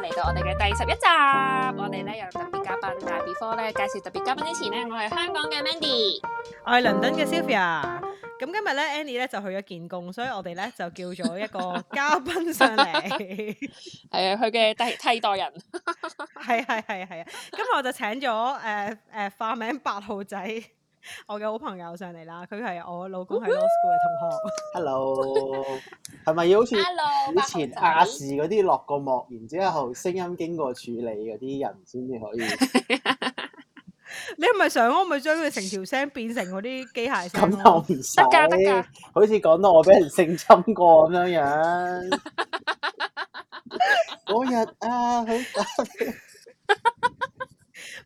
嚟到我哋嘅第十一集，我哋咧有特別嘉賓。但係 before 咧介紹特別嘉賓之前咧，我係香港嘅 Mandy，我係倫敦嘅 Sylvia。咁今日咧，Annie 咧就去咗見工，所以我哋咧就叫咗一個嘉賓上嚟。係啊，佢嘅替替代人。係係係係啊！今日我就請咗誒誒化名八號仔。我嘅好朋友上嚟啦，佢係我老公，係 law school 嘅同學。Hello，係咪 要好似以前亞視嗰啲落個幕，然之後聲音經過處理嗰啲人先至可以？ 你係咪想我咪將佢成條聲變成嗰啲機械聲？咁又唔得噶，好似講到我俾人性侵過咁樣樣。嗰 日 天啊，好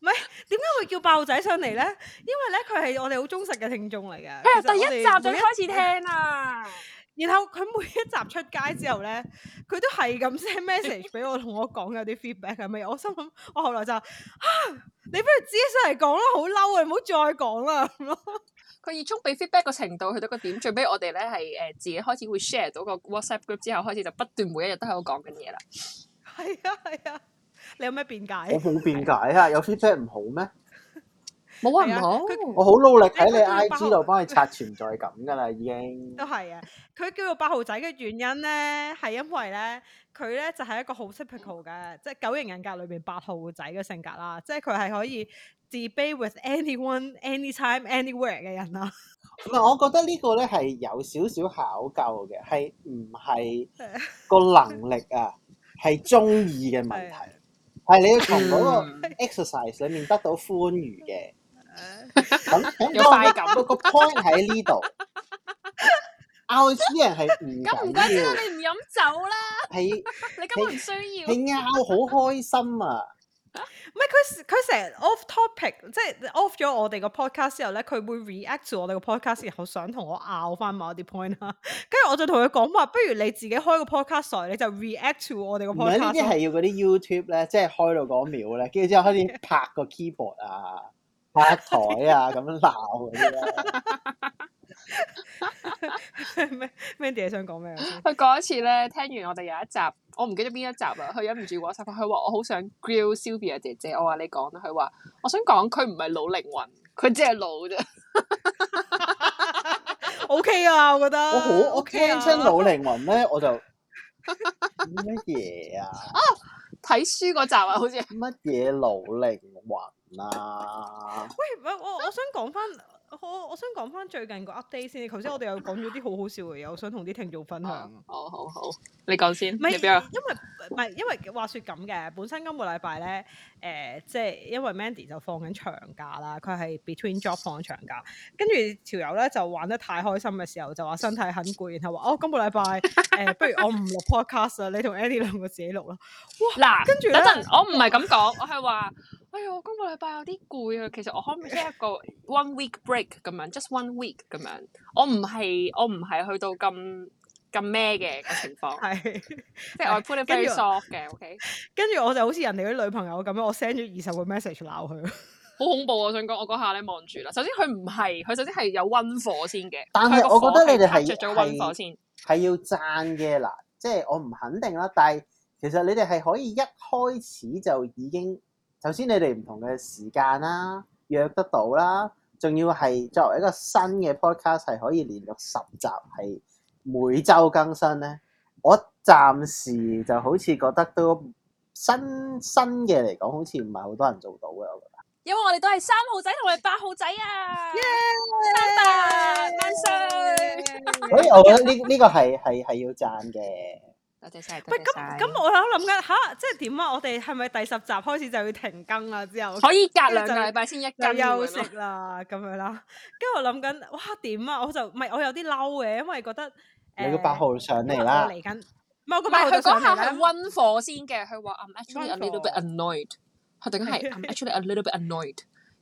唔係，點解會叫8號仔上嚟咧？因為咧佢係我哋好忠實嘅聽眾嚟嘅。佢係第一集就開始聽啦。然後佢每一集出街之後咧，佢都係咁 send message 俾我，同 我講有啲 feedback 係咪？我心諗，我後來就啊，你不如自己上嚟講啦，好嬲啊，唔好再講啦。佢熱衷俾 feedback 個程度，去到個點，最尾我哋咧係誒自己開始會 share 到個 WhatsApp group 之後，開始就不斷每一日都喺度講緊嘢啦。係啊，係啊。你有咩辯解？我冇辯解啊。 有 fitting 唔好咩？冇 啊，唔好，我好努力喺你 IG 度幫你刷存在感噶啦，已經都係啊！佢叫做八號仔嘅原因咧，係因為咧，佢咧就係一個好 typical 嘅，即係九型人格裏邊八號仔嘅性格啦。即係佢係可以自卑 with anyone anytime anywhere 嘅人啦，啊。唔 係、嗯，我覺得呢個咧係有少少考究嘅，係唔係個能力啊？係中意嘅問題。 係你要從嗰個 exercise 裏面得到歡愉嘅，咁有快感。個 point 喺呢度，拗啲人係唔咁唔緊要，你唔飲酒啦，你根本唔需要，你拗好開心啊！唔係佢，佢成日 off topic，即係 off 咗我哋個 podcast 之後咧，佢會 react to 我哋個 podcast，然後想同我拗翻某啲 point 啊。跟住我就同佢講話，不如你自己開個 podcast 你就 react to 我哋個 podcast。呢啲係要嗰啲 YouTube 咧，即係開到嗰秒咧，跟住之後開始拍個 keyboard 啊，拍台啊，咁樣鬧啲 咩咩嘢？ 想講咩？佢講一次咧，聽完我哋有一集，我唔記得邊一集啦、啊。佢忍唔住 WhatsApp 佢話：我好想 grill Sylvia 姐姐。我話你講啦。佢話：我想講佢唔係老靈魂，佢只係老啫。O K 啊，我覺得我好、okay 啊、我聽親老靈魂咧，我就乜嘢啊？ 啊，睇書嗰集啊，好似乜嘢老靈魂啊？喂，我我我想講翻。我我想講翻最近個 update 先，頭先我哋又講咗啲好好笑嘅嘢，我想同啲聽眾分享。哦、好好好，你講先。唔係不因為唔係因為話説咁嘅，本身今個禮拜咧，誒即係因為 Mandy 就放緊長假啦，佢係 between job 放長假，跟住條友咧就玩得太開心嘅時候就話身體很攰，然後話哦，今個禮拜誒、呃、不如我唔錄 podcast 啦， 你同 Andy 兩個自己錄啦。哇！嗱喇，跟住等陣我唔係咁講，我係話。 哎呀，我今個禮拜有啲攰啊。其實我可唔可以一個 one week break 咁樣，just one week 咁樣？我唔係我唔係去到咁咁咩嘅情況，係 是即係我 professional 嘅。跟著 OK，跟住我就好似人哋啲女朋友咁樣，我 send 咗二十個 message 鬧佢，好恐怖啊！我想講我嗰下咧望住啦。首先佢唔係佢，首先係有溫火先嘅，但係是 我覺得你哋係着咗溫火先係要讚嘅嗱，即係我唔肯定啦。但係其實你哋係可以一開始就已經。首先你哋唔同嘅時間啦，約得到啦，仲要係作為一個新嘅 podcast 係可以連續十集係每週更新咧，我暫時就好似覺得都新新嘅嚟講，好似唔係好多人做到嘅，我覺得。因為我哋都係三號仔同埋八號仔啊！耶 Yeah,，萬歲，所以我覺得呢呢 個係係係要讚嘅。我哋真係得曬。唔係咁咁，我喺度諗緊嚇，即係點啊？我哋係咪第十集開始就要停更啦？之後可以隔兩個禮拜先一集休息啦，咁樣啦。跟住我諗緊，哇點啊？我就唔係我有啲嬲嘅，因為覺得誒個八號上嚟啦，嚟緊。唔係個八號佢講下佢溫火先嘅，佢話 I'm actually a little bit annoyed。佢等緊係 I'm actually a little bit annoyed。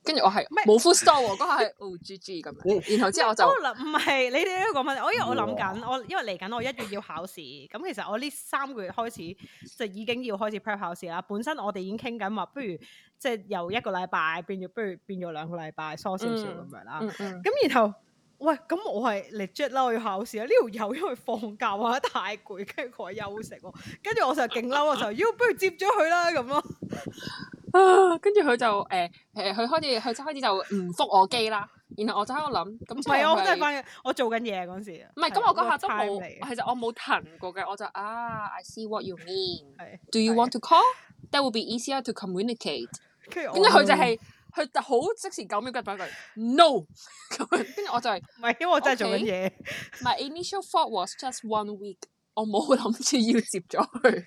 跟住我係冇 full stop 喎，嗰、那、下、個、O G G 咁樣，然後之後就 我就唔係你哋都講乜？我，以為我，我因為我諗緊，我因為嚟緊我一月要考試，咁其實我呢三個月開始就已經要開始 prepare 考試啦。本身我哋已經傾緊話，不如即係由一個禮拜變咗，不如變咗兩個禮拜，疏少少咁樣啦。咁、嗯嗯、然後喂，咁我係嚟接啦，我要考試啦。呢條友因為放假話太攰，跟住佢休息，跟住我就勁嬲我就，要不如接咗佢啦咁咯。 啊！跟住佢就誒誒，佢開始，佢就開始就唔覆我機啦。然後我就喺度諗，咁唔係啊！我真係反正我做緊嘢嗰時唔係，咁我嗰刻都冇，其實我冇停過嘅。我就啊，I see what you mean。Do you want to call? That would be easier to communicate。跟住佢就係佢好即時九秒骨白一句，No。跟住我就係。唔係，因為我真係做緊嘢。My initial thought was just one week。我冇諗住要接咗佢。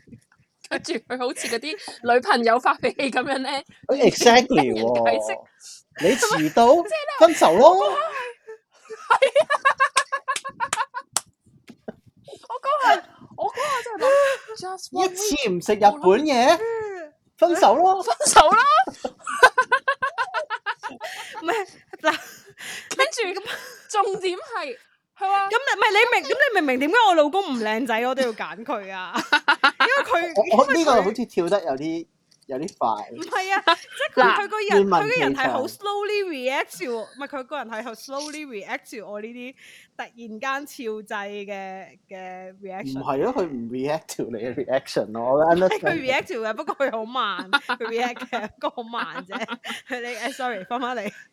跟住佢好似嗰啲女朋友發脾氣咁樣咧，令 Exactly 人解釋。 你遲到，分手咯。我嗰日，我嗰日真係諗，一次唔食日本嘢，分手咯，分手咯。唔係嗱，跟住咁重點係，係啊。咁唔係你明？咁你明明點解我老公唔靚仔， 我都要揀佢啊？ 佢我我呢個好似跳得有啲有啲快。唔係啊，即係佢個人佢個人係好 slowly react 喎，唔係佢個人係好 slowly react to 我呢啲突然間跳掣嘅嘅 reaction。唔係啊，佢唔 react to 你嘅 reaction 咯。我覺得佢 react to 嘅，不過佢好慢，佢 react 嘅，佢好慢啫。你，sorry，翻返嚟。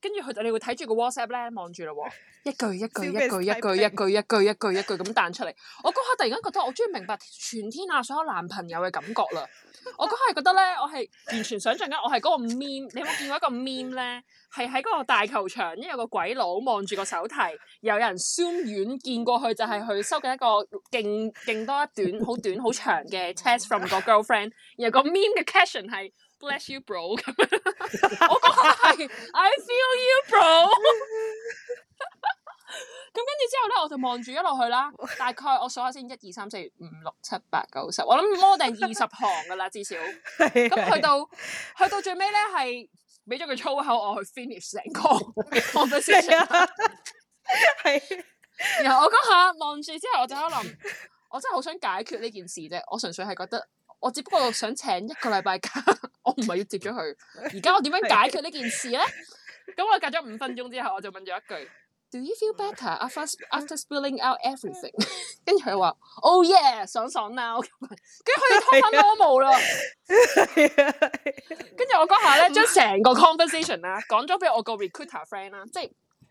跟住佢就，你會睇住個 WhatsApp 咧，望住啦喎，一句一句一句一句一句一句一句咁彈出嚟。我嗰刻突然間覺得我終於明白全天下所有男朋友嘅感覺啦。我嗰刻係覺得咧，我係完全想象緊，我係嗰個 meme。你有冇見過一個 meme 咧？係喺嗰個大球場，因為有個鬼佬望住個手提，有人 zoom 遠見過去就係去收緊一個勁勁多一段好短好長嘅 text from 個 girlfriend。然後個 meme 嘅 caption 係。Bless you, bro！咁 樣，我嗰下係，I feel you, bro！咁跟住之後咧，我就望住一落去啦。大概我數下先，一二三四五六七八九十，我諗摸定二十行噶啦，至少。咁 去到去到最尾咧，係俾咗句粗口，我去 finish 成個，我都笑死。係，然後我嗰下望住之後，我就諗，我真係好想解決呢件事啫。我純粹係覺得。我只不過想請一個禮拜假我唔係要接咗佢而家我點樣解決呢件事咧咁 我隔咗五分鐘之後我就問咗一句 Do you feel better after after spilling out everything 跟住佢話哦耶爽爽啦跟住佢要拖翻多毛啦跟住我下咧將成個 conversation 啦、啊、講咗俾我個 recruiter friend 啦、啊、即係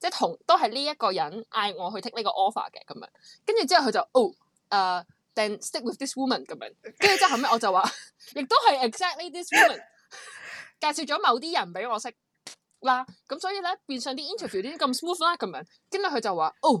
即係同都係呢一個人嗌我去 take 呢個 offer 嘅咁樣，跟住之後佢就哦誒，then stick with this woman 咁樣，跟住之後後尾我就話，亦都係 exactly this woman 介紹咗某啲人俾我識啦，咁所以咧變相啲 interview 啲咁 smooth 啦咁樣，跟住佢就話哦。Oh,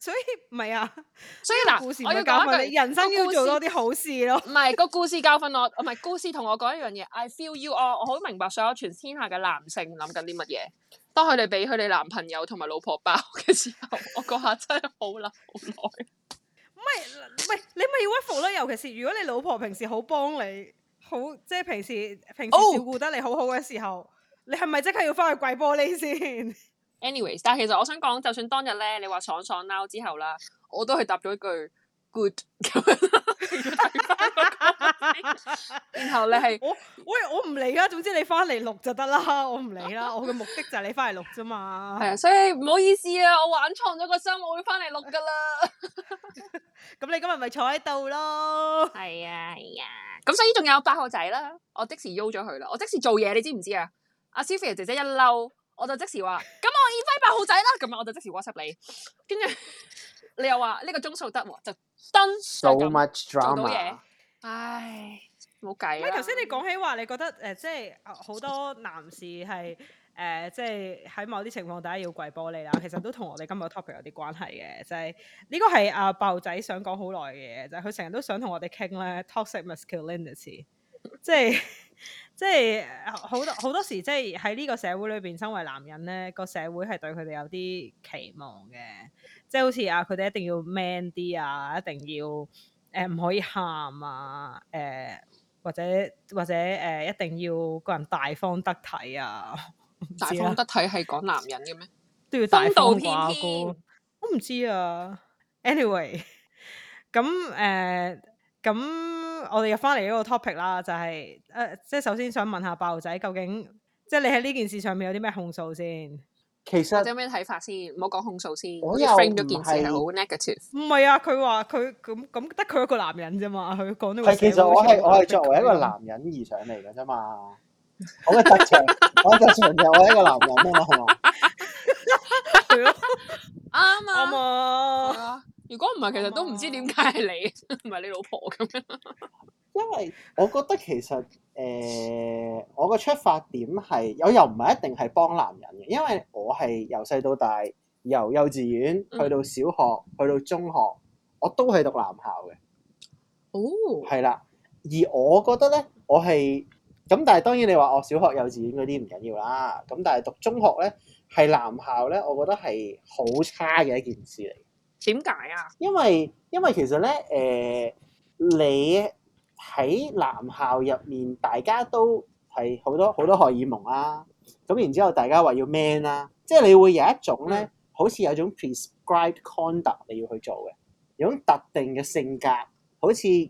所以唔係啊，所以嗱，故事我要講一句人生要做多啲好事咯。唔係個故事教訓、 那個、我，唔係故事同我講一樣嘢。I feel you all，我好明白所有全天下嘅男性諗緊啲乜嘢。當佢哋俾佢哋男朋友同埋老婆包嘅時候，我嗰下真係好諗 好耐。唔係唔係，你咪要 wife 咯？尤其是如果你老婆平時好幫你，好即係平時平時照顧得你好好嘅時候，oh. 你係咪即刻要翻去跪玻璃先？Anyways，但係其實我想講，就算當日咧，你話爽爽嬲之後啦，我都係答咗一句 good 咁樣。然後你係我喂，我唔理啦，總之你翻嚟錄就得啦，我唔理啦。我嘅目的就係你翻嚟錄啫嘛。係啊，所以唔好意思啊，我玩錯咗個心，我會翻嚟錄噶啦。咁你今日咪坐喺度咯。係啊係啊，咁所以仲有八號仔啦，我即時邀咗佢啦，我即時做嘢，你知唔知啊？阿 Sylvia 姐姐一嬲。我就即時話，咁 我二輝八號仔啦，咁我就即時 WhatsApp 你，跟住 你又話呢、呢個鐘數得喎，就登。So much drama！到唉，冇計。喂，頭先你講起話，你覺得誒、呃，即係好多男士係誒，即係喺某啲情況底下要跪玻璃啦。其實都同我哋今日 topic 有啲關係嘅，就係呢個係阿爆仔想講好耐嘅嘢。就係佢成日都想同我哋傾咧，toxic masculinity，即係。 即係好多好多時，即係喺呢個社會裏邊，身為男人咧，個社會係對佢哋有啲期望嘅。即係好似啊，佢哋一定要 man 啲啊，一定要誒唔、呃、可以喊啊，誒、呃、或者或者誒、呃、一定要個人大方得體啊。啊大方得體係講男人嘅咩？都要大方啲。我唔知啊。Anyway，咁誒咁。嗯嗯嗯嗯。我哋入翻嚟呢個 topic 啦，就係誒，即係首先想問下8號仔究竟，即係你喺呢件事上面有啲咩控訴先？其實有咩睇法先？唔好講控訴先。我又唔係好 negative。唔係啊，佢話佢咁咁得佢一個男人啫嘛，佢講到。係，其實我係我係作為一個男人而上嚟嘅啫嘛，我嘅特長，我嘅特長就我係一個男人啊嘛。係咯，啱啊，啱啊。如果唔係，其實都唔知點解係你，唔係你老婆咁樣。因為我覺得其實誒、呃，我個出發點係又又唔係一定係幫男人嘅，因為我係由細到大，由幼稚園去到小學，嗯、去到中學，我都係讀男校嘅。哦，係啦。而我覺得咧，我係咁，但係當然你話我小學、幼稚園嗰啲唔緊要啦。咁但係讀中學咧，係男校咧，我覺得係好差嘅一件事嚟。點解啊？因為因為其實咧，誒、呃、你喺男校入面，大家都係好多好多荷爾蒙啊。咁然之後，大家話要 man 啦、啊，即係你會有一種咧，嗯、好似有一種 prescribed conduct 你要去做嘅，有種特定嘅性格，好似誒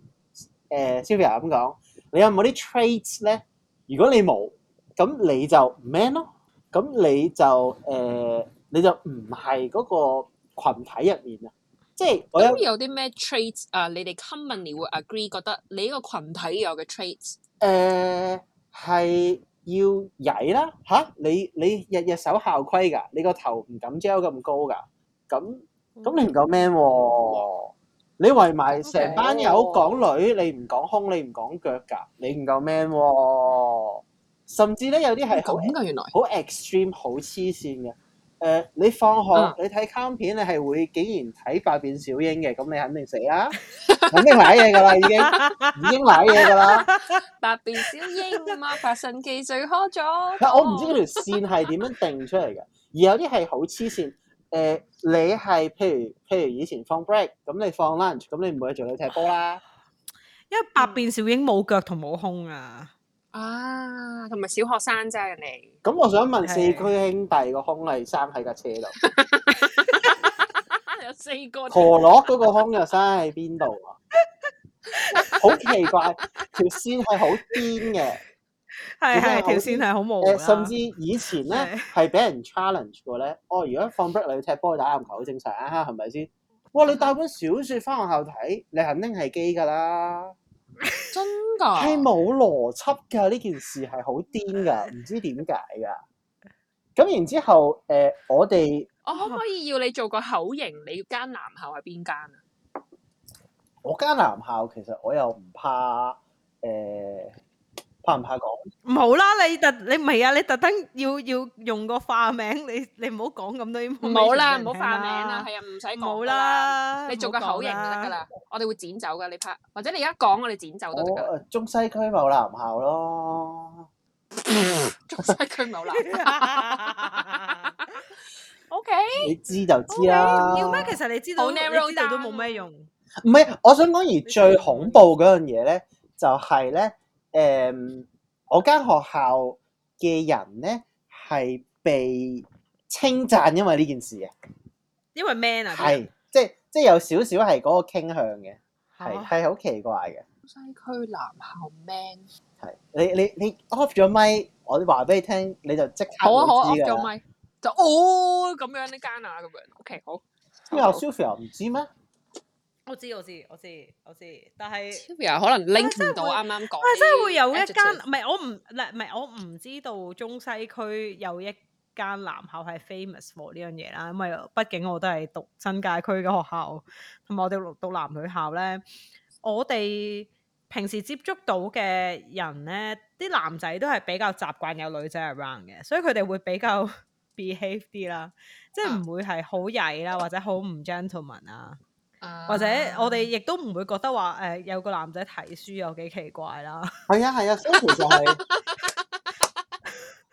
Sylvia 咁講，你有冇啲 traits 咧？如果你冇，咁你就 man 咯、啊。咁你就誒、呃，你就唔係嗰個。群體入面啊，即係咁有啲咩 traits 啊？traits, uh, 你哋 commonly 會 agree 覺得你呢個群體有嘅 traits？誒、呃，係要曳啦吓？你你日日守校規㗎，你個頭唔敢 gel 咁高㗎。咁咁你唔夠 man 喎、哦！嗯、你圍埋成班友講女，Okay. 你唔講胸，你唔講腳㗎，你唔夠 man 喎、哦！甚至咧有啲係咁嘅，原來好 extreme 好黐線嘅。誒，uh, 你放學、嗯、你睇卡通片，你係會竟然睇百變小櫻嘅，咁你肯定死啦、啊， 肯定瀨嘢噶啦，已經已經瀨嘢噶啦。 百變小櫻魔法神奇最可咗。 但我唔知嗰條線係點樣定出嚟嘅， 而有啲係好黐線。誒、呃，你係譬如譬如以前放 break，咁你放 lunch，咁你唔會去做你踢波啦。因為百變小櫻冇腳同冇胸啊。啊，同埋小學生啫，人你咁我想問四驅兄弟個胸係生喺架車度。有四個。陀螺嗰個胸又生喺邊度啊？ 好奇怪，條線係好癲嘅，係啊， 條線係好冇。誒，甚至以前咧係俾人 challenge 過咧，是的 哦，如果放 break 你踢波打籃球好正常啊，係咪先？哇， 你帶本小說翻學校睇，你肯定係基噶啦。真噶，係冇邏輯噶，呢件事係好癲噶，唔 知點解噶。咁然之後，誒、呃，我哋我可唔可以要你做個口型？你要間男校係邊間啊？我間男校其實我又唔怕誒。呃怕唔怕講？冇啦，你特你唔係啊，你特登要要用個化名，你你唔好講咁多。冇啦，唔好化名啦，係啊，唔使講啦。冇啦，你做個口型就得噶啦。我哋會剪走噶，你拍或者你而家講，我哋剪走都得噶。中西區某男校咯，中西區某男校。OK，你知就知啦。要咩？其實你知道 name and number 都冇咩用。唔係，我想講而最恐怖嗰樣嘢咧，就係咧。誒，um, 我間學校嘅人咧係被稱讚，因為呢件事啊，因為 man 啊，係即即有少少係嗰個傾向嘅，係係好奇怪嘅。西區男校 man 係你你你 off 咗咪，我話俾你聽，你就即刻會知嘅。off 咗咪就哦咁樣呢間啊，咁樣，樣 OK 好。之後 Sylvia 唔知咩？我知我知我知我知，但係 Champion 可能拎唔到啱啱講。即係真會有一間唔係我唔，嗱唔係我唔知道中西區有一間男校係 famous for 呢樣嘢啦，因為畢竟我都係讀新界區嘅學校，同埋我哋讀男女校咧，我哋平時接觸到嘅人咧，啲男仔都係比較習慣有女仔 around 嘅，所以佢哋會比較 behave 啲啦，啊、即係唔會係好曳啦，啊、或者好唔 gentleman 啊。或者我哋亦都唔會覺得話誒、呃、有個男仔睇書有幾奇怪啦。係啊，係啊，所以就係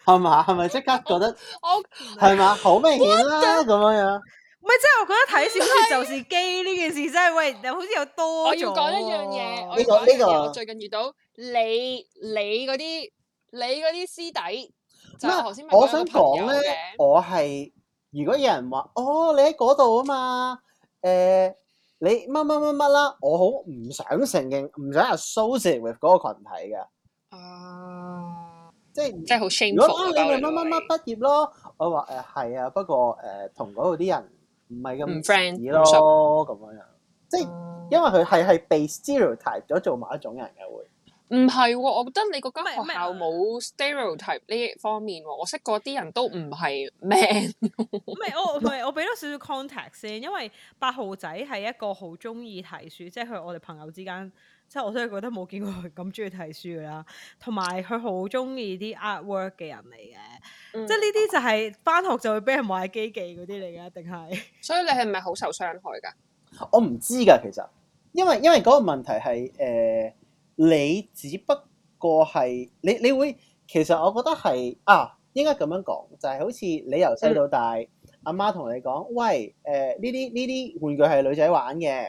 係嘛係咪即刻覺得 我係嘛好明顯啦咁樣樣。唔係即係我覺得睇小說就是機呢件事真係喂，又好似又多。我要講一樣嘢，我講呢個最近遇到你你嗰啲你嗰啲師弟就頭先我想講咧，麼我係如果有人話哦你喺嗰度啊嘛誒。欸你乜乜乜乜啦，我好唔想承認，唔想 associate with 嗰個群體嘅。哦、uh, 是，即係即係好 shameful。如果啊，你咪乜乜乜畢業咯。我話誒係啊，不過誒同嗰度啲人唔係咁 friend 唔熟咁樣樣。即係因為佢係係被 stereotype 咗做某一種人嘅會。唔係喎，我覺得你嗰間學校冇 stereotype 呢方面喎。我識嗰啲人都唔係 man。唔係我唔係我俾多少少 context 先，因為八號仔係一個好中意睇書，即係佢我哋朋友之間，即係我真係覺得冇見過佢咁中意睇書噶啦。同埋佢好中意啲 artwork 嘅人嚟嘅，嗯、即係呢啲就係返學就會俾人話基記嗰啲嚟嘅，一定係。嗯、所以你係咪好受傷害㗎？我唔知㗎，其實，因為因為嗰個問題係誒你只不過係你你，會其實我覺得係，啊應該咁樣講就係、是、好似你由細到大阿媽同你講，喂誒，呢啲呢啲玩具係女仔玩嘅，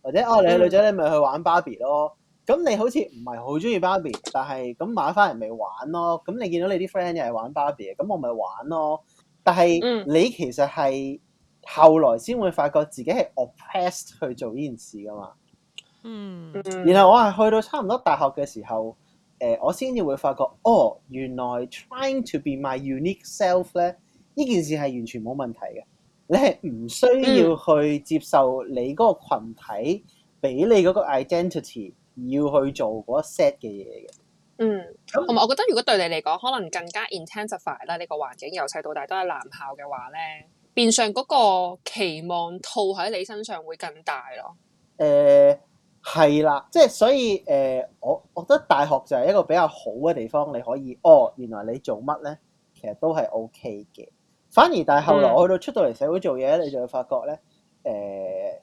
或者哦，你係女仔，你咪去玩芭比咯。咁你好似唔係好鍾意芭比，但係咁買返嚟咪玩咯。咁你見到你啲 friend 又係玩芭比，咁我咪玩咯，但係、嗯、你其實係後來先會發覺自己係 oppressed 去做呢件事㗎嘛。嗯，然後我係去到差唔多大學嘅時候，誒、呃，我先至會發覺，哦，原來 trying to be my unique self 咧，呢件事係完全冇問題嘅，你係唔需要去接受你嗰個羣體俾你嗰個 identity 要去做嗰 set 嘅嘢嘅。嗯，同埋我覺得，如果對你嚟講，可能更加 intensify 啦，呢、這個環境由細到大都係男校嘅話咧，變相嗰個期望套喺你身上會更大咯。誒、嗯。係啦，即係所以誒、呃，我我覺得大學就係一個比較好嘅地方，你可以哦，原來你做乜咧，其實都係 OK 嘅。反而但係後來我去到出到嚟社會做嘢，嗯、你就會發覺咧，誒、呃，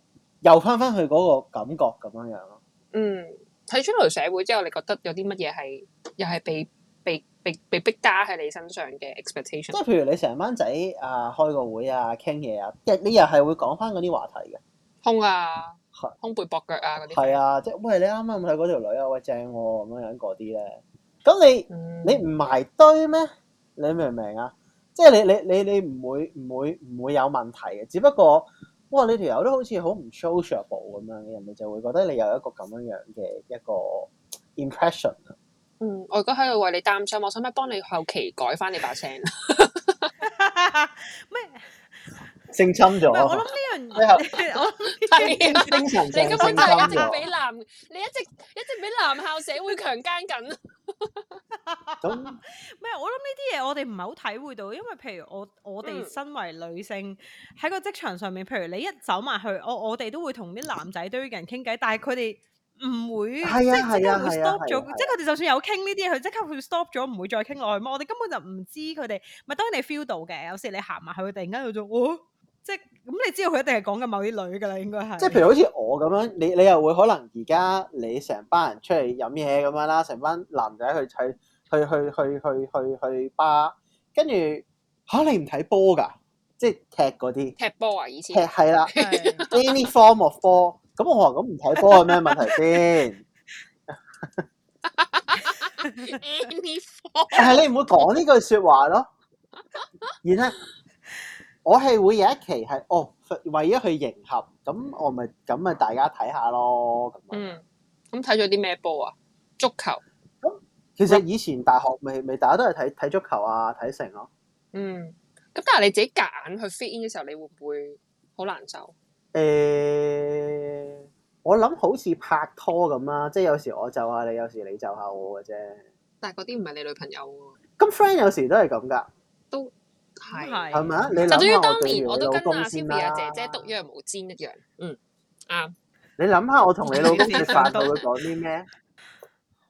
又翻翻去嗰個感覺咁樣樣咯。嗯，睇出到嚟社會之後，你覺得有啲乜嘢係又係被被被被逼加喺你身上嘅 expectation？即係譬如你成班仔啊，開個會啊，傾嘢啊，即係你又係會講翻嗰啲話題嘅，空啊。空背駁腳啊嗰啲，係啊，即係喂，你啱啱睇嗰條女啊，喂正喎，哦、咁樣樣嗰啲咧。咁你、嗯、你唔埋堆咩？你明唔明啊？即係你你你你唔會唔會唔會有問題嘅。只不過，哇，你條友都好似好唔 sociable 咁樣，人哋就會覺得你有一個咁樣樣嘅一個 impression。嗯，我而家喺度為你擔心，我想唔想幫你後期改翻你把聲？咩？ 性侵咗，唔係我諗呢樣，呢個，精神上，你根本就係一直俾男，你一直一直俾男校社會強姦緊。咁，唔係我諗呢啲嘢，我哋唔係好體會到，因為譬如我我哋身為女性喺個職場上面，譬如你一走埋去，我我哋都會同啲男仔堆嘅人傾偈，但係佢哋唔會，即係即係會 stop 咗，即係佢哋就算有傾呢啲，佢即刻會 stop 咗，唔會再傾落去。咁我哋根本就唔知佢哋，咪當然你 feel 到嘅，有時你行埋去，佢突然間佢就即係咁，你知道佢一定係講緊某啲女㗎啦，應該係。即係譬如好似我咁樣，你你又會可能而家你成班人出嚟飲嘢咁樣啦，成班男仔去去去去去去去巴，跟住嚇你唔睇波㗎，即係踢嗰啲。踢波啊！以前踢係啦。Any form of ball？咁我話咁唔睇波係咩問題先？Any form？但係你唔會講呢句説話咯。然後。我係會有一期係哦，為咗去迎合，咁我咪咁咪大家睇下咯。嗯，咁睇咗啲咩波啊？足球、嗯。其實以前大學咪大家都係睇睇足球啊，睇成咯。嗯，咁但係你自己夾硬，硬去 fit in 嘅時候，你會唔會好難受？誒、欸，我諗好似拍拖咁啦，即係有時我就下、啊、你，有時你就下、啊、我嘅啫。但係嗰啲唔係你女朋友喎、啊。咁 friend 有時都係咁噶。都。係，係咪啊？就等於當年我都跟阿 Timmy 阿姐姐讀羊毛氈一樣，嗯，啱。你諗下，我同你老公嘅飯佢講啲咩？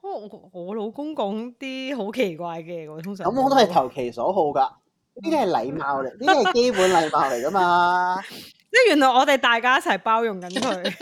我老公講啲好奇怪嘅，我通常咁我都係投其所好噶，呢啲係禮貌嚟，呢啲係基本禮貌嚟噶嘛。即係 原來我哋大家一齊包容緊佢，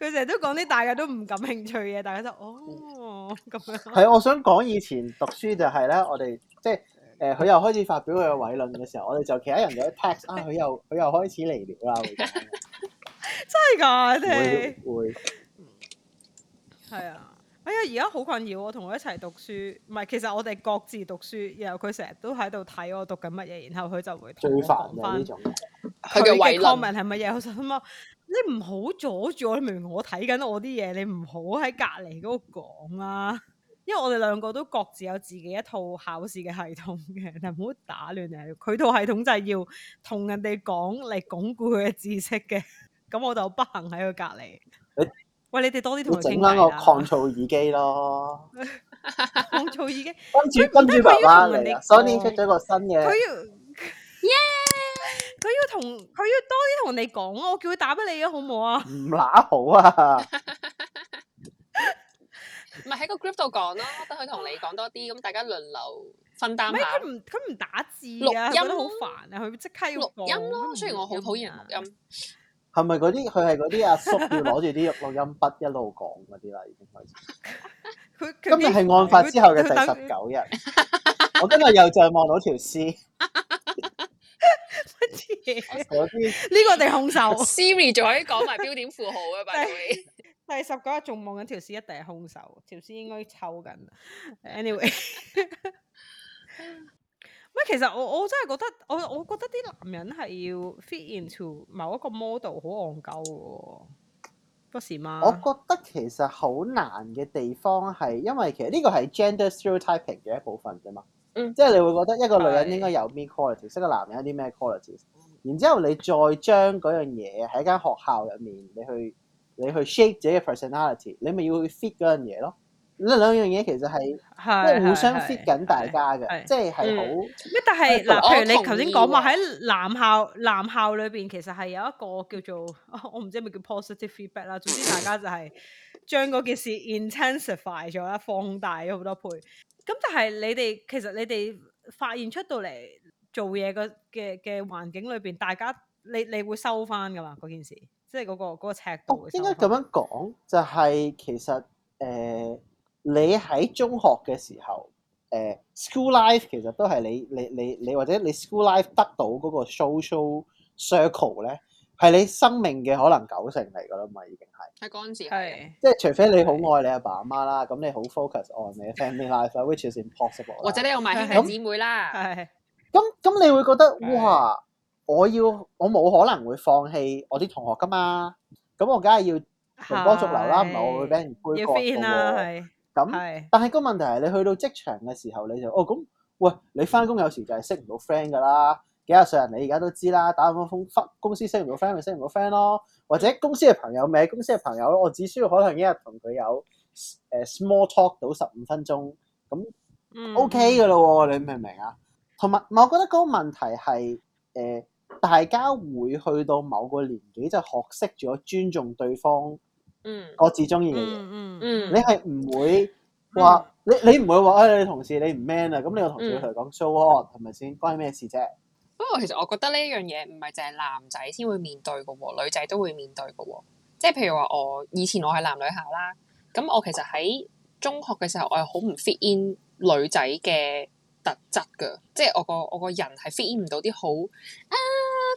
佢成日都講啲大家都唔感興趣嘅，大家都哦咁樣。係，我想講以前讀書就係咧，我哋即係。誒，佢、呃、又開始發表佢嘅偉論嘅時候，我哋就其他人就喺 text 啊，佢又佢又開始嚟了啦！會 真係㗎嗎，我哋會係、 嗯、啊！哎呀，而家好困擾我，同佢一齊讀書，唔係其實我哋各自讀書，然後佢成日都喺度睇我讀緊乜嘢，然後佢就會最煩呢種，佢嘅 comment 係乜嘢？我實心你唔好阻住我，你明明？我睇緊我啲嘢，你唔好喺隔離嗰度講啊！因為我哋兩個都各自有自己一套考試嘅系統嘅，但係唔好打亂啊！佢套系統就係要同人哋講嚟鞏固佢嘅知識嘅，咁我就不幸喺佢隔籬。你喂，你哋多啲同佢整翻個抗噪耳機咯， 抗噪耳機 跟住著跟住爸爸嚟啊 Sony 出咗個新嘢。佢 要耶，佢 Yeah! 要同佢要多啲同你講，我叫佢打俾你啊，好唔好啊？唔乸好啊！唔係喺個 group 度講咯，等佢同你講多啲，咁大家輪流分擔下。佢唔佢唔打字，錄音好煩啊！佢即、啊、刻錄音咯。雖然我好討厭錄音。係咪嗰啲？佢係嗰啲阿叔要攞住啲錄音筆一路講嗰啲啦，已經開始。今日係案發之後嘅第十九日，我今日又再望到條屍。我呢個係控手。Siri 仲可以講埋標點符號嘅、啊，拜會。 第十九日仲望緊條屍，一定係兇手。條屍應該抽緊。Anyway，唔 其實我我真係覺得，我我覺得啲男人係要 fit into 某一個 model，好戇鳩嘅。不是嘛？我覺得其實好難嘅地方係，因為其實呢個係 gender stereotyping 嘅一部分啫嘛。即係、嗯、你會覺得一個女人應該有咩 qualities，的一個男人有啲咩 quality，然之後你再將嗰樣嘢喺間學校入面，你去。你去 shake 自己嘅 personality，你咪要去 fit 嗰樣嘢咯。呢兩樣嘢其實係即係互相 fit 緊大家嘅，即係係好。咩、 嗯？但係嗱，譬、啊、如你頭先講話喺男校男校裏邊，其實係有一個叫做我唔知係咪叫 positive feedback 啦。總之大家就係將嗰件事 intensify 咗，放大咗好多倍。咁但係你哋其實你哋發現出到嚟做嘢嘅嘅嘅環境裏邊，大家你你會收翻㗎嘛，嗰件事。即係嗰、嗰個嗰個尺度。應該咁樣講，就係、是、其實誒、呃，你喺中學嘅時候，誒、呃、school life 其實都係你你你你或者你 school life 得到嗰個 social circle 咧，係你生命嘅可能九成嚟㗎啦，嘛已經係。喺嗰陣時是即係除非你好愛你阿爸阿媽啦，咁是你好 focus on 你嘅 family life，which is impossible。或者你有埋兄弟姊妹啦。係是。咁咁，你會覺得哇！嘩我要我冇可能會放棄我啲同學噶嘛，咁我梗係要隨波逐流啦，唔係我會俾人杯葛嘅。咁，但係個問題係你去到職場嘅時候，你就哦咁喂，你翻工有時就係識唔到 friend 噶啦，幾廿歲人你而家都知啦，打份工返公司識唔到 friend 咪識唔到 friend 咯，或者公司嘅朋友咪公司嘅朋友咯，我只需要可能一日同佢有誒 small talk 到十五分鐘，咁 OK 噶咯喎，你明唔明啊？同埋，我覺得嗰個問題係誒。大家會去到某個年紀就學識咗尊重對方，嗯，嗯，各自中意嘅嘢，嗯嗯，你係唔會話、嗯、你你唔會話誒、哎、你同事你唔 man 啊，咁你個同事同佢講 so what 係咪先？關你咩事啫？ 不過其實我覺得呢樣嘢唔係淨係男仔先會面對嘅喎，女仔都會面對嘅喎。即係譬如話我以前我喺男女校啦，咁我其實喺中學嘅時候我係好唔 fit in 女仔嘅。特質噶，即係我個我個人係 feel 唔到啲好啊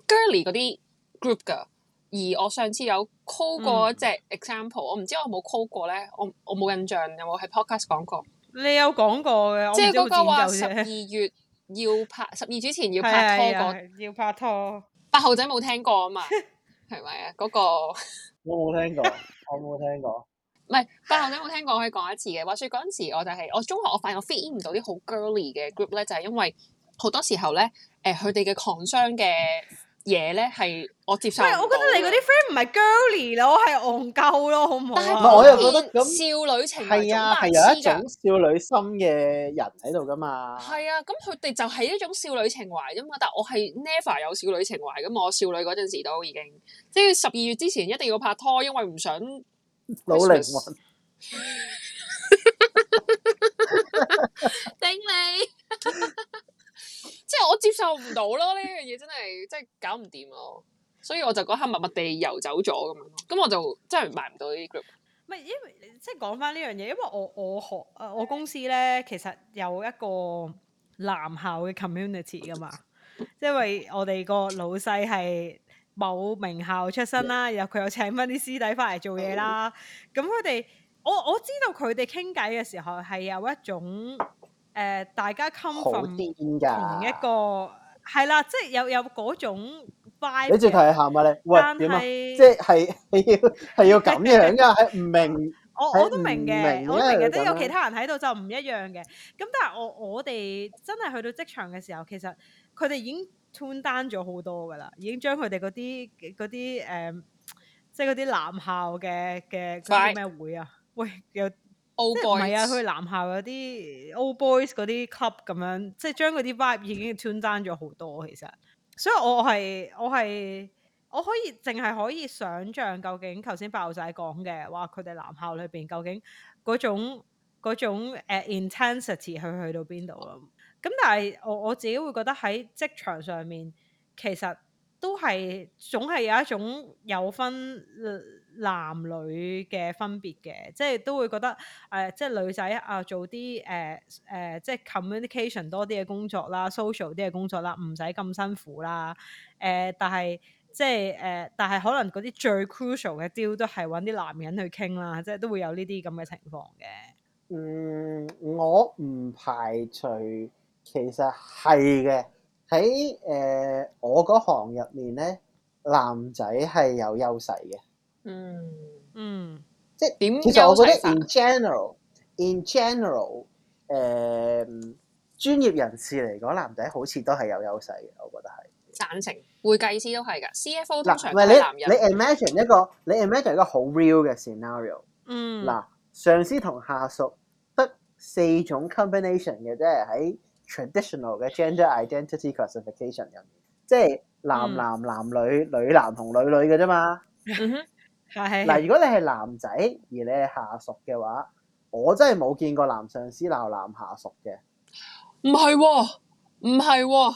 girly 嗰啲 group 噶，而我上次有 call 過一隻 example，、嗯、我唔知我冇 call 過咧，我我冇印象有冇喺 podcast 講過。你有講過嘅，即係嗰個話十二月要拍十二之前要拍拖，要拍拖，八號仔冇聽過啊嘛，係咪啊？嗰、那個我冇聽過， 我冇聽過。唔係，但係我哋有冇聽過可以講一次嘅？話説嗰陣時，我就係我中學，我發現我 fit 唔到啲好 girlly 嘅 group 咧，就係因為好多時候咧，誒佢哋嘅 concern 嘅嘢咧係我接受唔到。我覺得你嗰啲 friend 唔係 girlly 咯，我係憨鳩咯，好唔好啊？我又覺得少女情係啊，係有一種少女心嘅人喺度噶嘛。係啊，咁佢哋就係一種少女情懷啫嘛。但係我係 never 有少女情懷。咁我少女嗰陣時都已經，即係十二月之前一定要拍拖，因為唔想。努力頂你，即係我接受唔到咯呢樣嘢，真係即係搞唔掂咯。所以我就嗰刻默默地遊走咗咁樣，咁、嗯、我就、嗯、真係埋唔到呢啲 group。唔係、嗯、因為即係講翻呢樣嘢，因為我我學誒我公司咧，其實有一個男校嘅 community 噶嘛，即 因為我哋個老細係。冇名校出身啦，然後佢又請翻啲師弟翻嚟做嘢啦，咁佢哋我我知道佢哋傾偈嘅時候係有一種誒、呃，大家 common 同一個係啦，即係有有嗰種。你直頭係喊乜咧？但係是、啊、即係係 要係要咁樣噶、啊，唔明。 我明我都明嘅，我明嘅，都有其他人喺度就唔一樣嘅。咁但係我我哋真係去到職場嘅時候，其實佢哋已經。turn down 咗好多㗎喇，已經將佢哋嗰啲嗰啲誒，即係嗰啲男校嘅嘅嗰啲咩會啊？喂，有 old boy 啊，去 Boys. 男校有啲 old boys 嗰啲 club 咁樣，即係將嗰啲 vibe 已經 turn down 咗好多。其實，所以我我係我係我可以淨係可以想像，究竟頭先8號仔講嘅話，佢哋男校裏邊究竟嗰種嗰種誒 intensity 係去到邊度咯？咁但係我我自己會覺得喺職場上面其實都係總係有一種有分男女嘅分別嘅，即係都會覺得誒、呃，即係女仔啊做啲誒誒，即係 communication 多啲嘅工作啦，social 啲嘅工作啦，唔使咁辛苦啦。誒、呃，但係即係誒、呃，但係可能嗰啲最 crucial 嘅 deal 都係搵啲男人去傾啦，即係都會有呢啲咁嘅情況嘅。嗯，我唔排除。其實係嘅，喺誒、呃、我嗰行入面咧，男仔係有優勢嘅。嗯嗯，即係點？其實我覺得 in general，in general，誒 general,、呃，專業人士嚟講，男仔好似都係有優勢嘅。我覺得係贊成，會計師都係噶，CFO 通常係男人、呃、你，你 imagine 一個，你 imagine 一個好 real 嘅 scenario。嗯，嗱、呃，上司同下屬得四種 combination 嘅，啫，係喺。Traditional 嘅 gender identity classification 入面，即係男男男女、嗯、女男同女女嘅啫嘛。嗱、嗯哼， 如果你係男仔而你係下屬嘅話，我真係冇見過男上司鬧男下屬嘅。唔係、哦，唔係、哦，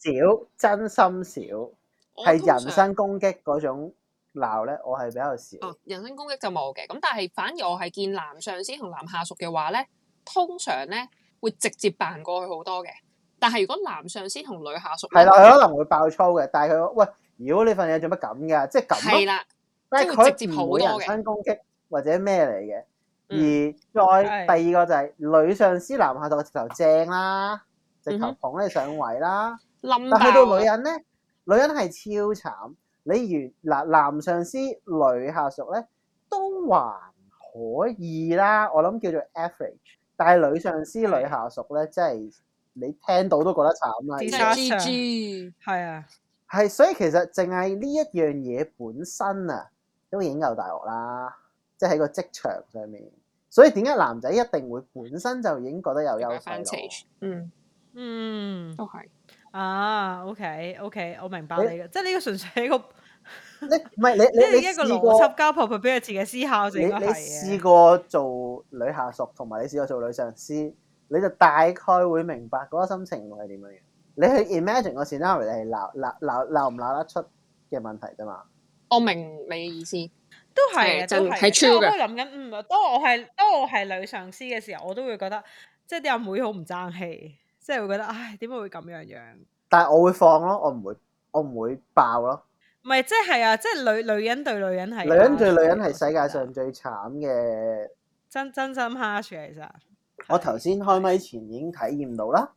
少，真心少，係人身攻擊嗰種鬧咧，我係比較少。啊、人身攻擊就冇嘅，咁但係反而我係見男上司同男下屬嘅話咧，通常咧會直接扮過去好多嘅，但係如果男上司同女下屬係啦，係可能會爆粗嘅。但係佢喂，妖你份嘢做乜咁嘅？即係咁，係啦，即係佢唔會人身攻擊或者咩嚟嘅。而再第二個就係女上司男下屬直頭正啦，直頭捧你上位啦。但係去到女人咧，女人係超慘。例如嗱男上司女下屬咧都還可以啦，我諗叫做 average。但係女上司女下屬咧，即係你聽到都覺得慘啊！D 是啊，係所以其實淨係呢一樣嘢本身啊，都已經夠大鑊啦，即係喺個職場上面。所以點解男仔一定會本身就已經覺得有優勢、嗯？嗯嗯，都係、oh, 啊。是 OK OK，我明白你嘅，你即係呢個純粹係一個。你唔係你你你一個邏輯交鋪，佢俾佢自己思考，正唔正？你你試過做女下屬，同埋你試過做女上司，你就大概會明白嗰個心情係點樣嘅。你去 imagine 個 scenario 係鬧鬧鬧鬧唔鬧得出嘅問題啫嘛。我明你意思，都係就喺是我諗緊，嗯，當我係當我係女上司嘅時候，我都會覺得，即係啲阿妹好唔爭氣，即係會覺得，唉，點解會咁樣樣？但係我會放咯，我唔會，我唔會爆咯。唔係，即係啊！即係女女人對女人係，女人對女人係世界上最慘嘅，真真心 hard 嘅其實。我頭先開咪前已經體驗到啦。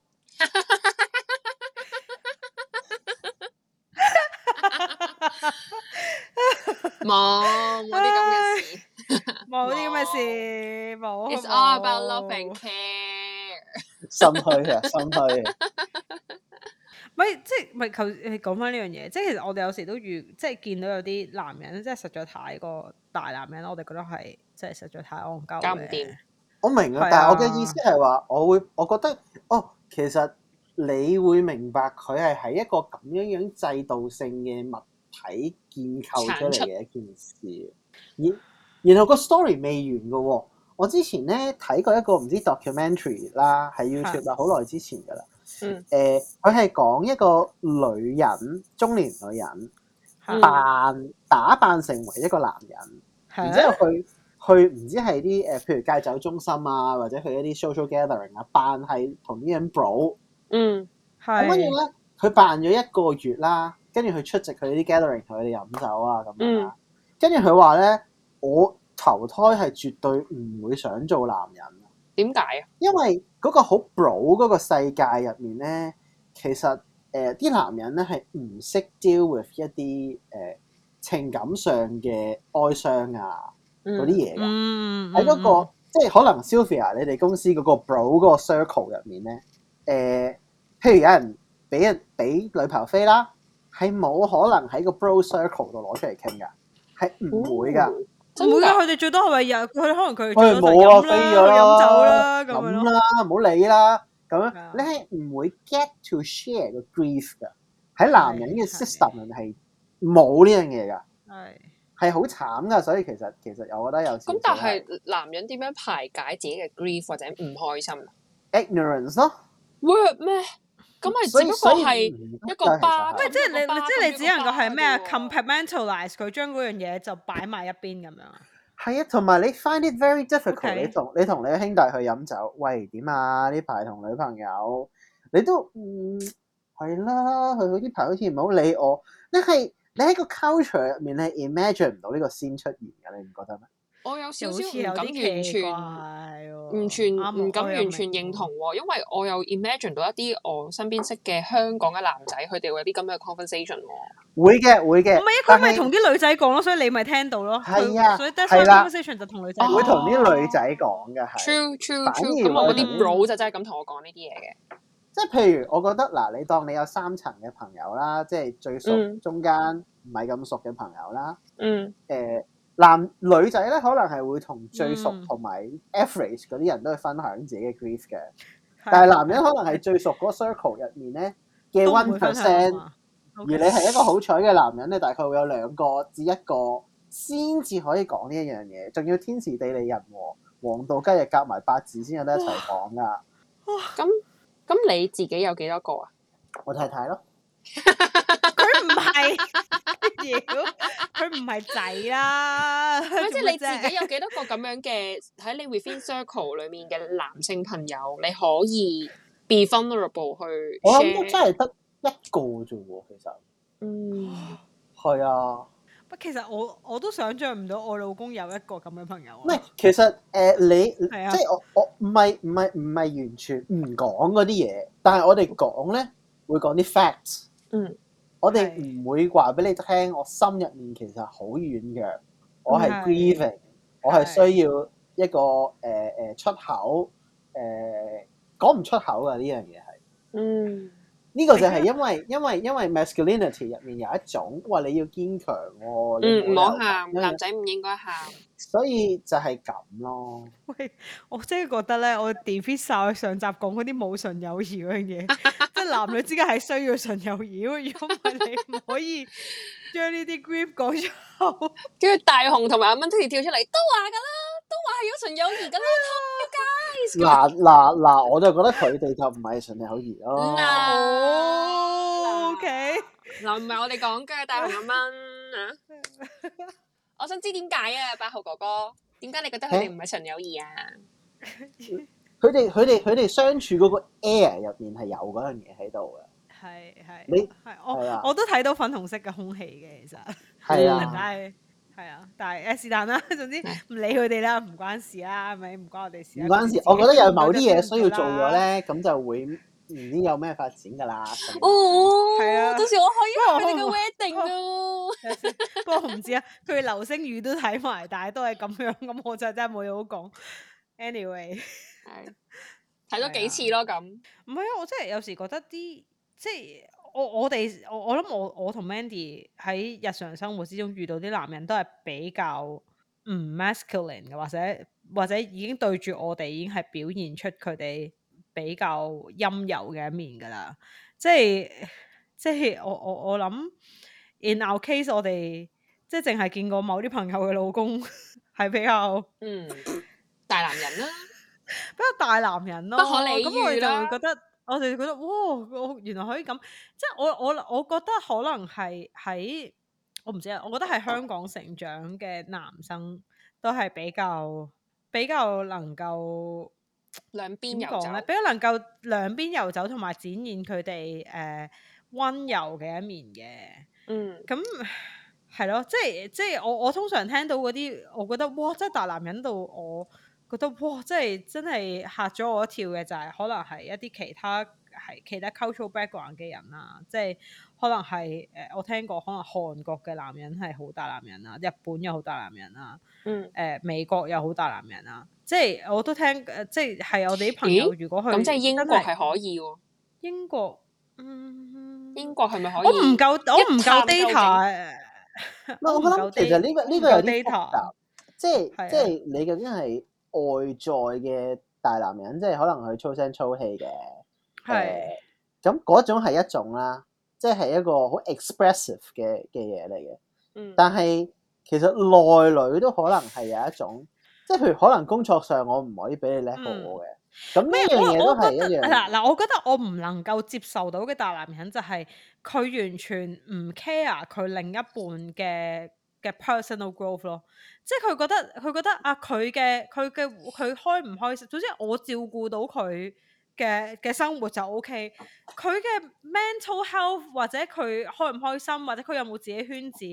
冇冇啲咁嘅事，冇啲咁嘅事，冇。It's 沒 all about love and care 心。心虛啊，心虛。喂，即係咪？求你講翻呢樣嘢，即係其實我哋有時都遇，即係見到有啲男人，即係實在太過大男人咯。我哋覺得係，即係實在太憨鳩，搞唔掂。我明啊，但係我嘅意思係話，我會我覺得哦，其實你會明白佢係喺一個咁樣樣制度性嘅物體建構出嚟嘅一件事。而然後個 story 未完㗎喎，我之前咧睇過一個唔知 documentary 啦，喺 YouTube，好耐之前噶啦。誒，佢係講一個女人，中年女人、嗯、扮打扮成為一個男人，然之後去去唔知係啲誒，譬如戒酒中心啊，或者去一啲 social gathering 啊，扮係同啲人 bro。嗯，係。咁跟住咧，佢扮咗一個月啦，跟住佢出席佢啲 gathering 同佢哋飲酒啊咁啊。跟住佢話咧，我投胎係絕對唔會想做男人。點解啊？因為嗰個好 bro 嗰個世界入面咧，其實誒啲、呃、男人咧係唔識 deal with 一啲誒、呃、情感上嘅哀傷啊嗰啲嘢㗎。喺嗰、嗯嗯嗯嗰個、嗯嗯、即係可能 Sylvia 你哋公司嗰個 bro 嗰個 circle 入面咧，誒、呃，譬如有人俾人俾女朋友飛啦，係冇可能喺個 bro circle 度攞出嚟傾㗎，係唔會㗎。哦。唔會噶，佢哋最多係咪日，佢可能佢冇啊，飛咗啦，飲酒啦咁樣咯。咁啦，唔好理啦。咁、嗯、你係唔會 get to share 個 grief 噶，喺、嗯、男人嘅 system 係冇呢樣嘢噶，係係好慘噶。所以其實其實我覺得有咁，但係男人點樣排解自己嘅 grief 或者唔開心？Ignorance 咯，work 咩？咁係只不過係一個吧？唔即係你，即係你只能夠係咩啊 compartmentalize 佢將嗰樣嘢就擺埋一邊咁樣。係啊，同埋你 find it very difficult Okay. 你。你同你同你嘅兄弟去飲酒，喂點啊？呢排同女朋友，你都嗯係啦，佢啲朋友好似唔好理我。你係你喺個 culture 入面，你 imagine 唔到呢個先出現嘅，你唔覺得咩？我有少少唔敢完全唔全唔敢完全認同喎，因為我又 imagine 到一啲我身邊識嘅香港嘅男仔，佢哋會有啲咁嘅 conversation 喎。會嘅，會嘅。唔係一個咪同啲女仔講咯，所以你咪聽到咯。係啊。係啦。所以 conversation 就同女仔。唔會同啲女仔講嘅係。True，true，true。反而我啲佬就真係咁同我講呢啲嘢嘅。即係譬如，我覺得嗱，你當你有三層嘅朋友啦，即係最熟、中間唔係咁熟嘅朋友啦。嗯。誒。男女仔咧，可能係會同最熟同埋 average 嗰啲人都去分享自己嘅 grief 嘅，嗯、但係男人可能係最熟嗰個 circle 入面咧嘅 one percent，而你係一個好彩嘅男人咧，Okay. 大概會有兩個至一個先至可以講呢一樣嘢，仲要天時地利人和，黃道吉日夾埋八字先有得一齊講噶。咁咁你自己有幾多個啊？我睇睇咯。佢唔係佢唔係仔啦。咁即係你自己有幾多個咁樣嘅喺你 within circle 裏面嘅男性朋友，你可以 be vulnerable 去。我諗真係得一個啫喎，其實嗯係 啊，不其實我我都想像唔到我老公有一個咁嘅朋友，啊。唔係，其實誒、呃、你、啊、即係我我唔係唔係唔係完全唔講嗰啲嘢，但係我哋講咧會講啲 facts。嗯，我哋唔會話俾你聽，是我心入面其實好軟弱，我係 grieving，的我係需要一個誒誒、呃呃、出口，誒講唔出口嘅呢樣嘢係。呢 個就係因為因為因為 masculinity 入面有一種話你要堅強，哦，喎、嗯，唔好喊，男仔唔應該喊，所以就係咁咯。喂，我真係覺得咧，我 David Sir 上集講啲冇純友誼樣嘢，即係 男女之間係需要純友誼，如果你唔可以將呢啲 group 講咗，跟住 大雄同埋阿蚊突然跳出嚟都話噶啦。都話係純友誼㗎啦，嗱嗱嗱，我就覺得佢哋就唔係純友誼咯。嗱，OK。嗱，唔係我哋講嘅，大雄阿蚊啊。我想知點解啊，八號哥哥，點解你覺得佢哋唔係純友誼啊？佢哋佢哋佢哋相處嗰個 air 入面係有嗰樣嘢喺度嘅。係係。你係我我都睇到粉紅色嘅空氣嘅，其實係啊，但係。係啊，但係是但啦，總之唔理佢哋啦，唔關事啦，係咪唔關我哋事？唔關事，我覺得有某啲嘢需要做咗咧，咁就會唔知有咩發展噶啦。哦，係啊，到時我可以睇佢哋嘅 wedding 咯。不過唔知啊，佢流星雨都睇埋，但係都係咁樣，咁我就真係冇嘢好講。Anyway，係睇咗幾次咯，咁唔係啊，我真係有時覺得啲即係。我我哋我我諗我我同 Mandy 喺日常生活之中遇到啲男人都係比較唔 masculine 嘅，或者或者已經對住我哋已經係表現出佢哋比較陰柔嘅一面噶啦，即係即係我我我諗 in our case 我哋即係淨係見過某啲朋友嘅老公係 比較嗯大男人啦， 比較大男人咯，不可理喻啦，咁佢就會覺得。我哋覺得，哇！我原來可以咁，即係我我我覺得可能係喺我唔知啊，我覺得係香港成長嘅男生都係比較比較，比較能夠兩邊遊走，比較能夠兩邊遊走同埋展現佢哋誒温柔嘅一面嘅。嗯，咁係咯，即係即係我我通常聽到嗰啲，我覺得哇！真係大男人到我。覺得哇！即係真係真係嚇咗我一跳嘅就係、是、可能係一啲其他係其他 cultural background 嘅人啊，即係可能係誒、呃、我聽過可能韓國嘅男人係好大男人啊，日本又好大男人啊，嗯、呃、美國又好大男人啊，即係我都聽即係係我哋啲朋友如果去咁即係英國係可以喎，英國嗯英國係咪可以？我唔夠我唔夠 data，唔 我覺得其實呢、呢個呢、呢個有啲複雜，即係即係你究竟係。外在嘅大男人，即係可能佢粗聲粗氣嘅，係咁嗰種係一種啦，即係一個好 expressive 嘅嘅嘢嚟嘅。嗯，但係其實內裏都可能係有一種，即係譬如可能工作上我唔可以俾你叻過我嘅。咁呢樣嘢都係一樣。嗱嗱，我覺得我唔能夠接受到嘅大男人就係佢完全唔 care 佢另一半嘅。嘅 personal growth 咯，即係佢覺得佢覺得啊，佢嘅佢嘅佢開唔開心？總之我照顧到佢嘅嘅生活就 OK。佢嘅 mental health 或者佢開唔開心，或者佢有冇自己圈子，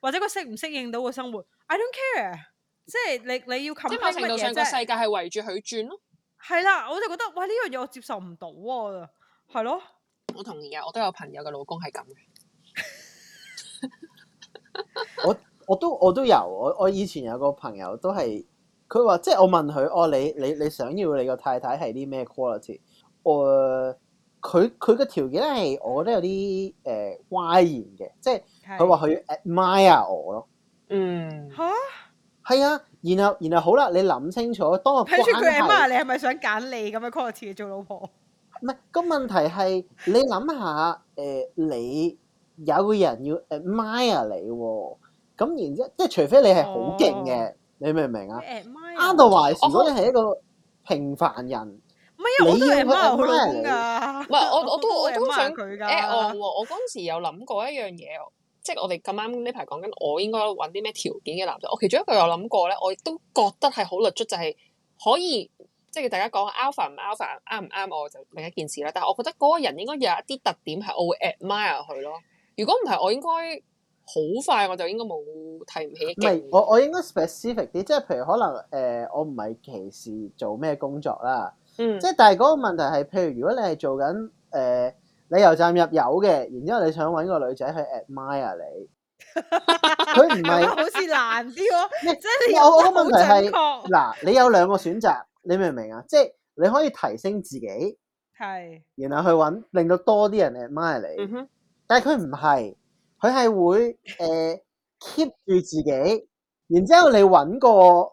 或者佢適唔適應到個生活，I don't care 即。即係你你要近咩嘅嘢啫？即係某程度上世界係圍住佢轉咯，啊。係啦，我就覺得喂，呢樣嘢我接受唔到啊，係咯。我同意啊，我都有朋友嘅老公係咁嘅。我。我都我都有，我我以前有個朋友都係佢話，即係我問佢，哦，你你你想要你個太太係啲咩 quality？誒、呃，佢佢個條件係我覺得有啲誒歪言嘅，即係佢話佢 admire 我咯。嗯，吓？係啊，然後然後，然後好啦，你諗清楚，當我睇穿佢 admire 你係咪想揀你咁嘅 quality 做老婆？唔係，個問題係你諗下誒，你有個人要 admire 你喎、啊。咁然之後，即係除非你係好勁嘅，哦、你明唔明啊？啱到壞，如果你係一個平凡人，唔係、啊、我都係 mad 噶。唔係我我都我都想 admire 我嗰時有諗過一樣嘢，即係我哋咁啱呢排講緊我應該揾啲咩條件嘅男仔。我其中一個有諗過咧，我亦都覺得係好立足，就係、是、可以即係、就是、大家講 alpha 唔 alpha，啱唔啱我，就另一件事啦。但係我覺得嗰個人應該有一啲特點係我會 admire 佢咯。如果唔係，我應該。好快我就應該冇提唔起勁。唔係，我我應該 specific 啲，即係譬如可能誒、呃，我唔係歧視做咩工作啦。嗯。即係但係嗰個問題係，譬如如果你係做緊誒、呃，你油站入油嘅，然之後你想搵個女仔去 admire 你，佢唔係好似難啲咯、哦。咩？ 即係有個問題係，嗱，你有兩個選擇，你明唔明啊？即係你可以提升自己，係是，然後去搵令到多啲人 admire 你。哼。 但係佢唔係。佢係會誒 keep 住自己，然之後你揾個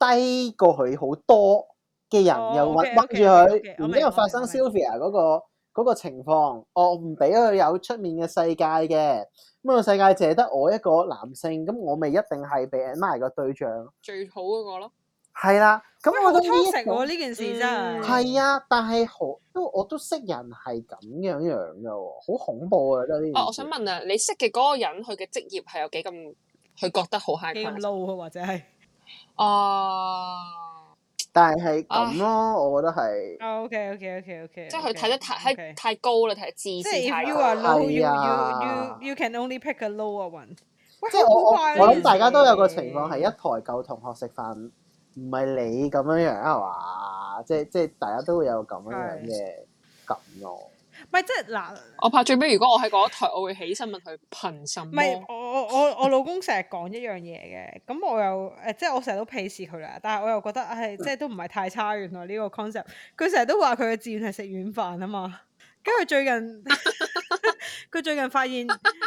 低過佢好多嘅人，又揾屈住佢，okay, okay, okay, okay, 然之後發生 Sylvia 嗰、那個個情況，我唔俾佢有出面嘅世界嘅，咁個世界淨係得我一個男性，咁我咪一定係被 mark 埋個對象，最好嗰個咯。係啦，咁我都聽過呢件事真係係啊，但係好都我都識人係咁樣樣噶，好、like no. 恐怖啊！真、這、係、個哦、我想問啊，你識嘅嗰個人佢嘅職業係有幾咁、嗯？佢覺得好 high low 啊？或者係哦，uh, 但係咁咯，我覺得係。okay, okay, okay, okay。即係佢睇得太太高啦，睇自視太高。係啊。You can only pick a lower one。即係我我我諗大家都有個情況係一台舊同學食飯。唔係你咁樣樣啊，即係即係大家都會有咁樣嘅感覺。唔係即係嗱，就是啊、我怕最尾如果我喺嗰台，我會起身問佢憑心、啊？」唔係我我我老公成日講一樣嘢嘅，咁我又誒，即係我成日都鄙視佢啦。但係我又覺得，唉，即係都唔係太差。原來呢個 concept，佢成日都話佢嘅志願係食軟飯啊嘛。跟住最近，佢 最近發現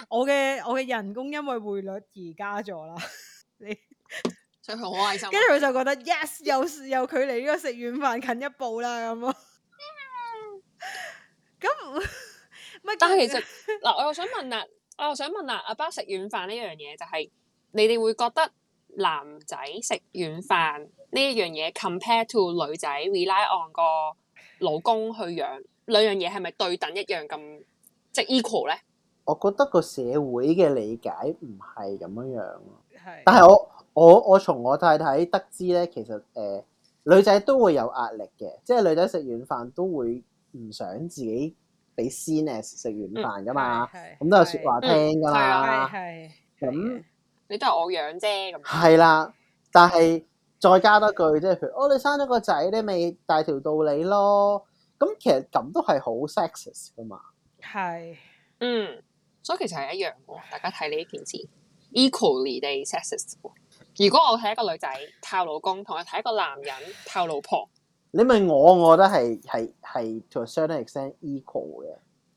我嘅我嘅人工因為匯率而加咗啦。你。 好開心、啊，跟住佢就覺得 yes，又又距離呢個食軟飯近一步啦。咁咯，咁 但係其實嗱、嗯，我又想問啦，我又想問啦，阿爸食軟飯呢樣嘢，就係你哋會覺得男仔食軟飯呢樣嘢，compare to 女仔 rely on 個老公去養兩樣嘢，係咪對等一樣咁即 equal 咧？我覺得個社會嘅理解唔係咁樣樣係 gel ily i 但係我。我我從我太太得知咧，其實誒、呃、女仔都會有壓力嘅，即係女仔食軟飯都會唔想自己俾 s n s 食軟飯噶嘛，咁、嗯、都有說話聽噶啦。咁、嗯嗯、你都係我養啫，咁係啦。但係再加多句即係譬如哦，你生咗個仔你咪大條道理咯。咁其實咁都係好 sexist 噶嘛。係是，嗯，所以其實係一樣，大家睇呢件事，equally 哋 sexist。如果我係一個女仔靠老公，同埋睇一個男人靠老婆，你問我，我覺得係係係 to a certain extent equal 嘅。誒、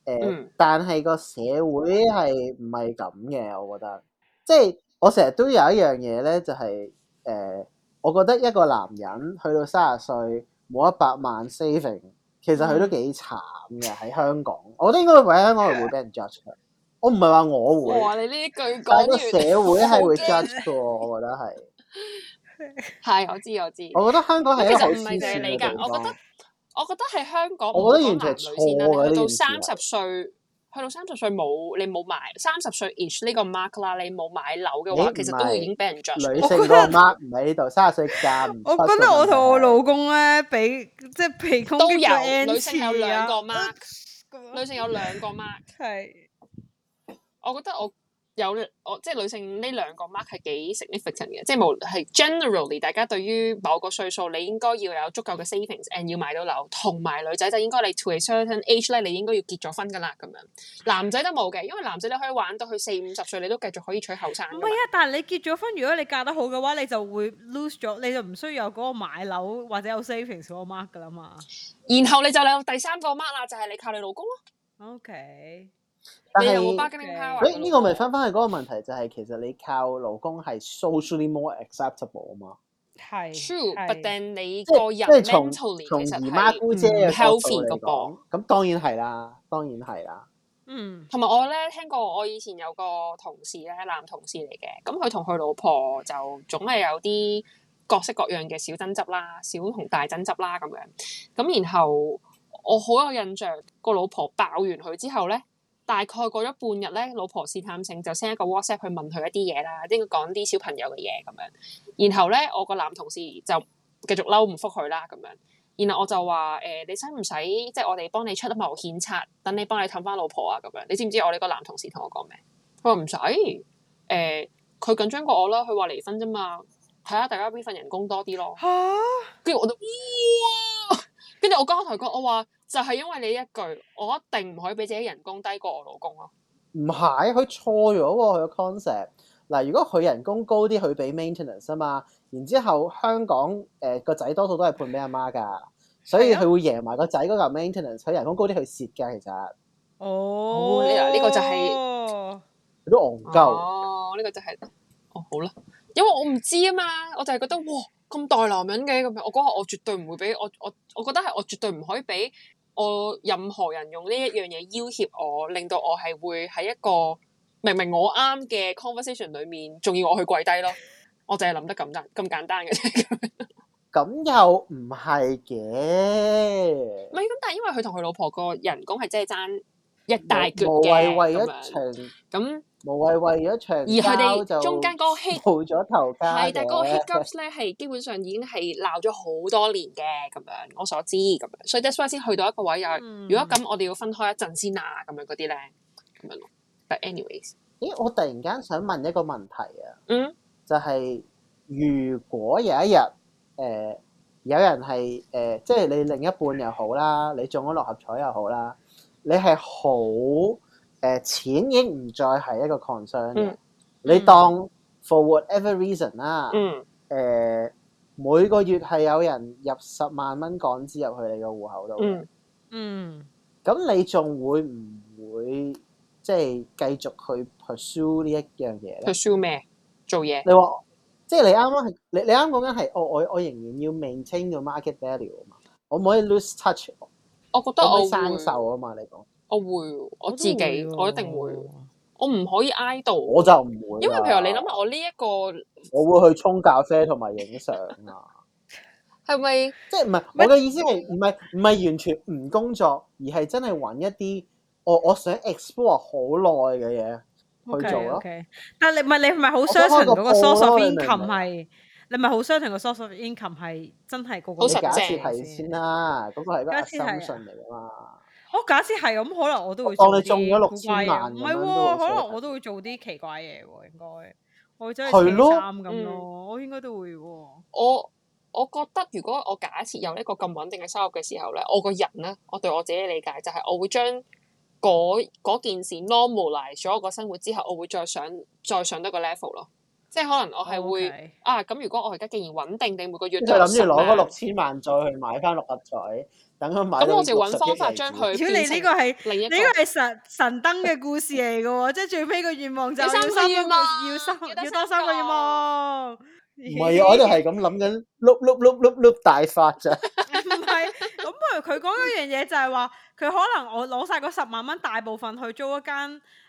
呃，嗯、但係個社會係唔係咁嘅，我覺得。即係我成日都有一樣嘢咧，就係、是、誒、呃，我覺得一個男人去到三十歲冇一百萬 saving，其實佢都幾慘嘅。喺、嗯、香港，我覺得應該會喺香港人會畀人 judge。嗯我唔係話我會。哇！你呢一句講完，個社會係會 judge 嘅喎，我覺得係。係，我知我知。我覺得香港係一個好。唔係就係你㗎，我覺得。我覺得喺香港，我覺得完全係錯嘅。到三十歲，去到三十歲冇你冇買三十歲 age 呢個 mark 啦，你冇買樓嘅話，其實都已經俾人 judge。女性個 mark 唔喺呢度，三十歲夾唔出。我覺得我同我老公咧，俾即係皮膚都有女性有兩個 mark，女性有兩個 mark 係。我覺得我有我即係女性呢兩個 mark 係幾 significant 嘅，即係無係 generally 大家對於某個歲數，你應該要有足夠嘅 savings，and 要買到樓，同埋女仔就應該你 to a certain age 咧，你應該要結咗婚噶啦咁樣。男仔都冇嘅，因為男仔你可以玩到佢四五十歲，你都繼續可以娶後生。唔係啊，但係你結咗婚，如果你嫁得好嘅話，你就會 lose 咗，你就唔需要有嗰個買樓或者有 savings 嗰個 mark 噶啦嘛。然後你就有第三個 mark 啦，就係、是、你靠你老公咯。OK。你又冇財務能力，欸呢個咪翻翻去嗰個問題就係、是，其實你靠老公係 socially more acceptable 啊嘛。係，true。唔定你即係即係從從姨媽姑姐嘅角度嚟講，咁當然係啦，啊，當然係啦，啊。嗯，同埋我咧聽過，我以前有個同事咧，男同事嚟嘅，咁佢同佢老婆就總係有啲各式各樣嘅小爭執啦，小同大爭執啦咁樣。咁然後我好有印象，個老婆爆完佢之後咧。大概過咗半日咧，老婆試探性就 send 一個 WhatsApp 去問佢一啲嘢啦，應該講啲小朋友嘅嘢咁樣。然後咧，我個男同事就繼續嬲唔覆佢啦咁樣。然後我就話誒、呃，你使唔使即係我哋幫你出謀獻策，等你幫你氹返老婆啊咁樣？你知唔知我哋個男同事同我講咩？佢話唔使誒，佢緊張過我啦，佢話離婚啫嘛，睇下大家邊份人工多啲咯。跟住、啊、我就哇～跟住我剛剛同佢講，我話就係、是、因為你一句，我一定唔可以俾自己人工低過我老公咯、啊。唔係，佢錯咗喎，佢個 concept。嗱，如果佢人工高啲，佢俾 maintenance 啊嘛。然之後香港誒個仔多數都係判俾阿媽噶，所以佢會贏埋個仔嗰嚿 maintenance。佢人工高啲，去蝕嘅其實。哦，呢、哦呢個就係佢都憨鳩。哦，呢個就係好啦，因為我唔知啊嘛，我就係覺得哇。咁大男人嘅咁，我嗰下我絕對唔會俾我我，我覺得係我絕對唔可以俾我任何人用呢一樣嘢要挾我，令到我係會喺一個明明我啱嘅 conversation 裏面，仲要我去跪低咯，我淨係諗得咁單咁簡單嘅啫。咁 又唔係嘅，唔係咁，但係因為佢同佢老婆個人工係真係爭一大結嘅咁，無謂為一場咁，那無謂為一場。而佢哋中間嗰個 hit 冇咗頭交，係但係嗰個 hit gaps 咧係 基本上已經係鬧咗好多年嘅咁樣，我所知咁樣，所、so、以 that's why 先去到一個位又，嗯、如果咁我哋要分開一陣先啊咁樣嗰啲咧，咁樣咯。But anyways，咦？我突然間想問一個問題啊，嗯，就係如果有一日誒、呃、有人係誒、呃，即係你另一半又好啦，你中咗六合彩又好啦。你係好誒，錢已經唔再係一個 concern 嘅。嗯、你當 for whatever reason 啦、啊，誒、嗯呃、每個月係有人入十萬蚊港紙入去你個戶口度嘅、嗯。嗯，咁你仲會唔會即係、就是、繼續去 pursue 一呢一樣嘢咧？Pursue 咩？做嘢。你話即係你啱啱係你你啱啱講緊係我我我仍然要 maintain 個 market value 啊嘛。我唔可以 lose touch。我覺得我會生受啊嘛，你講。我會，我自己，我一定會。我唔可以挨到，我就唔會。因為譬如話，你諗下，我呢一個，我會去沖咖啡同埋影相啊。係咪？即係唔係？我嘅意思係唔係唔係完全唔工作，而係真係揾一啲我我想 explore 好耐嘅嘢去做咯。但係你唔係你唔係好 certain 嗰個搜索引擎係。你咪好相信個 social income 係真係個個假設係先啦，嗰個係一個信嚟嘛。我假設係咁、哦嗯，可能我都會做怪我當你中咗六千萬咁樣該、啊、可能我都會做啲奇怪嘢喎，應該我真係穿衫咁咯。我應該都會喎。我我覺得如果我假設有呢個咁穩定嘅收入嘅時候咧，我個人咧，我對我自己理解就係我會將嗰件事 normalise 咗個生活之後，我會再上再上得個 level 咯。即係可能我係會 Okay. 啊，咁，如果我而家竟然穩定定每個月，就係諗住攞嗰六千萬再去買翻六合彩，等佢買咗。咁我哋揾方法將佢，你呢個係呢個係神神燈嘅故事嚟嘅喎，即係最尾個願望就要三，要三要多三個願望。唔係 我喺度係咁諗緊，碌碌碌碌碌大發咋？唔 係， 咁不如佢講一樣嘢就係話，佢可能我攞晒嗰十萬蚊，大部分去租一間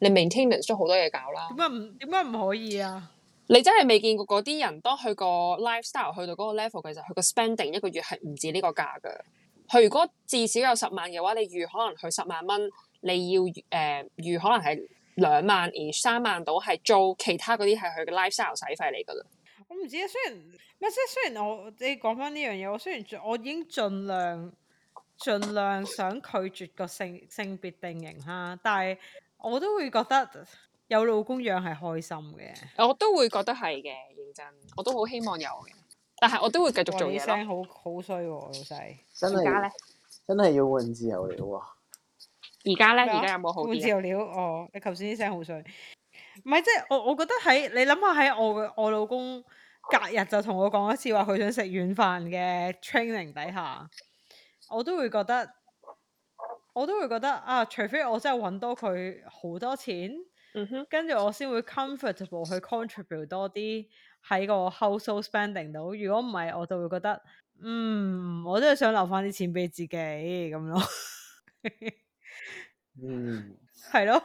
你 maintenance 都好多嘢搞啦。點解唔點解唔可以啊？你真係未見過嗰啲人，當佢個 lifestyle 去到嗰個 level，其實佢個 spending 一個月係唔止呢個價噶。佢如果至少有十萬嘅話，你預可能去十萬蚊，你要誒、呃、預可能係兩萬而三萬到係租，其他嗰啲係佢嘅 lifestyle 使費嚟噶啦。我唔知啊，雖然咩即係雖然我你講翻呢樣嘢，我雖然我已經盡量盡量想拒絕個性性別定型哈，但係。我都會覺得有老公養係開心嘅，我都會覺得係嘅，認真，我都好希望有嘅。但係我都會繼續做嘢咯。聲好好衰喎，老細。真係而家呢，真係要換自由鳥啊！而家呢？而家有冇好？換自由鳥哦！你頭先啲聲好衰，唔係即係我我覺得喺你諗下喺我我老公隔日就同我講一次話佢想食軟飯嘅 training 底下，我都會覺得。我都會覺得啊，除非我真係揾多佢好多錢，mm hmm。跟住我先會 comfortable 去 contribute 多啲喺個 household spending 度。如果唔係，我就會覺得，嗯，我真係想留返啲錢俾自己咁咯。嗯，係、 mm. 咯，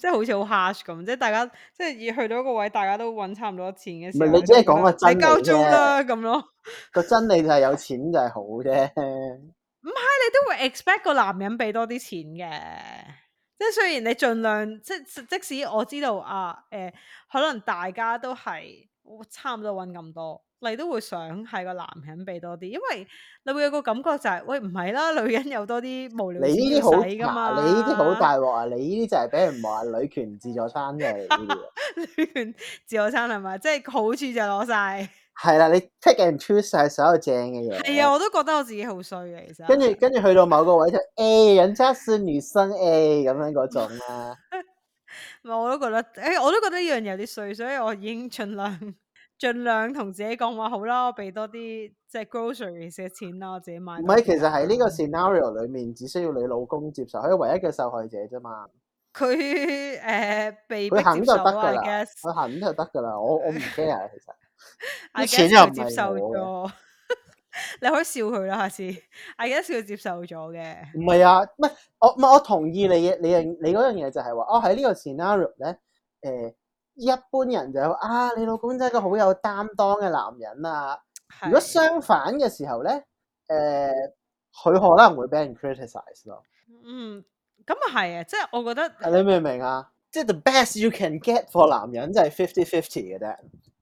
即係好似好 hush 咁，即係大家即係去到一個位，大家都揾差唔多錢嘅時候，你即係講個交租啦，咁咯，個真理，真理就係有錢就係好啫。唔係，你都會 expect 個男人俾多啲錢嘅，即係雖然你盡量，即即使我知道啊，誒、呃，可能大家都係差唔多揾咁多，你都會想係個男人俾多啲，因為你會有個感覺就係、是，喂唔係啦，女人有多啲無聊自助餐㗎嘛，你呢啲好大鑊啊，你呢啲、啊、就係俾人話女權自助餐啫。 女權自助餐係咪？ 即係好處就攞晒。係啦，你 take and choose 係所有正嘅嘢。係啊，我都覺得我自己好衰嘅。其實跟住跟住去到某個位就誒，人家是女生誒咁樣嗰種啦。唔係，我都覺得，誒，我都覺得呢樣有啲衰，所以我已經盡量盡量同自己講話，好啦，我俾多啲即係 grocery 嘅錢啦，我自己買。唔係，其實喺呢個 scenario 裏面，只需要你老公接受，佢唯一嘅受害者啫嘛。佢誒，被佢肯咁就得噶啦，佢肯咁就得噶啦，我我唔驚啊，其實。阿杰就接受咗， 你可以笑佢啦，下次，阿杰笑接受咗嘅，唔係啊，唔係我唔係我同意你你你嗰樣嘢就係話，哦，喺呢個 scenario 咧，誒，一般人就話啊，你老公真係一個好有擔當嘅男人啊。是」如果相反嘅時候咧，誒、呃，佢可能會俾人 criticise 咯嗯。嗯，咁啊係啊，即係我覺得。啊、你明唔明啊？即係 the best you can get for 男人就係 fifty fifty 嘅啫。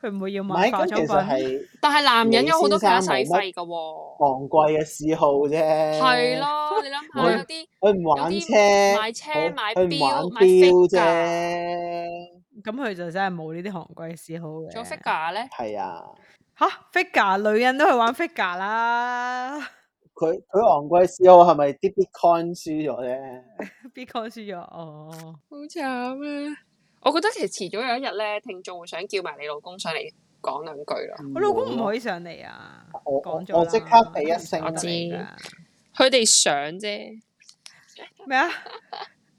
佢唔會要買化妝品，但係男人有好多嘢使費噶喎，昂貴嘅嗜好啫。係咯，你諗下 有啲佢唔玩車，買車不買錶錶買色啫咁佢就真係冇呢啲昂貴嘅嗜好嘅。仲 figure 咧，係的啊，吓 figure 女人都去玩 figure 啦。佢佢昂貴嘅嗜好係咪啲 bitcoin 輸咗啫 bitcoin 輸咗哦，好慘啊！我覺得其實遲早有一日咧，聽眾會想叫埋你老公上嚟講兩句咯。我老公唔可以上嚟啊！我講咗，我即刻俾一聲。我知。佢哋想啫。咩啊？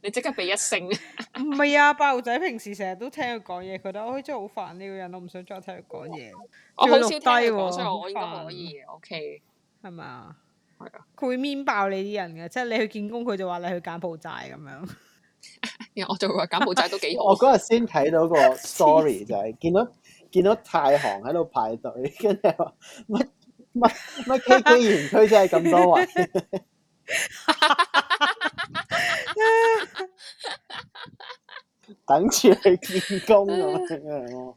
你即刻俾一聲。唔係啊，八號仔平時成日都聽佢講嘢，佢得：「我真係好煩呢個人，我唔想再聽佢講嘢。我好少聽佢講，所以我應該可以。OK。係咪啊？係啊。佢會面爆你啲人嘅，即係你去見工，佢就話你去柬埔寨咁樣。我就話柬埔寨都幾好。我嗰日先睇到個 story 就係見到見到泰航喺度排隊，跟住話乜乜乜 K K 園區真係咁多啊？ 等住你見工咁樣。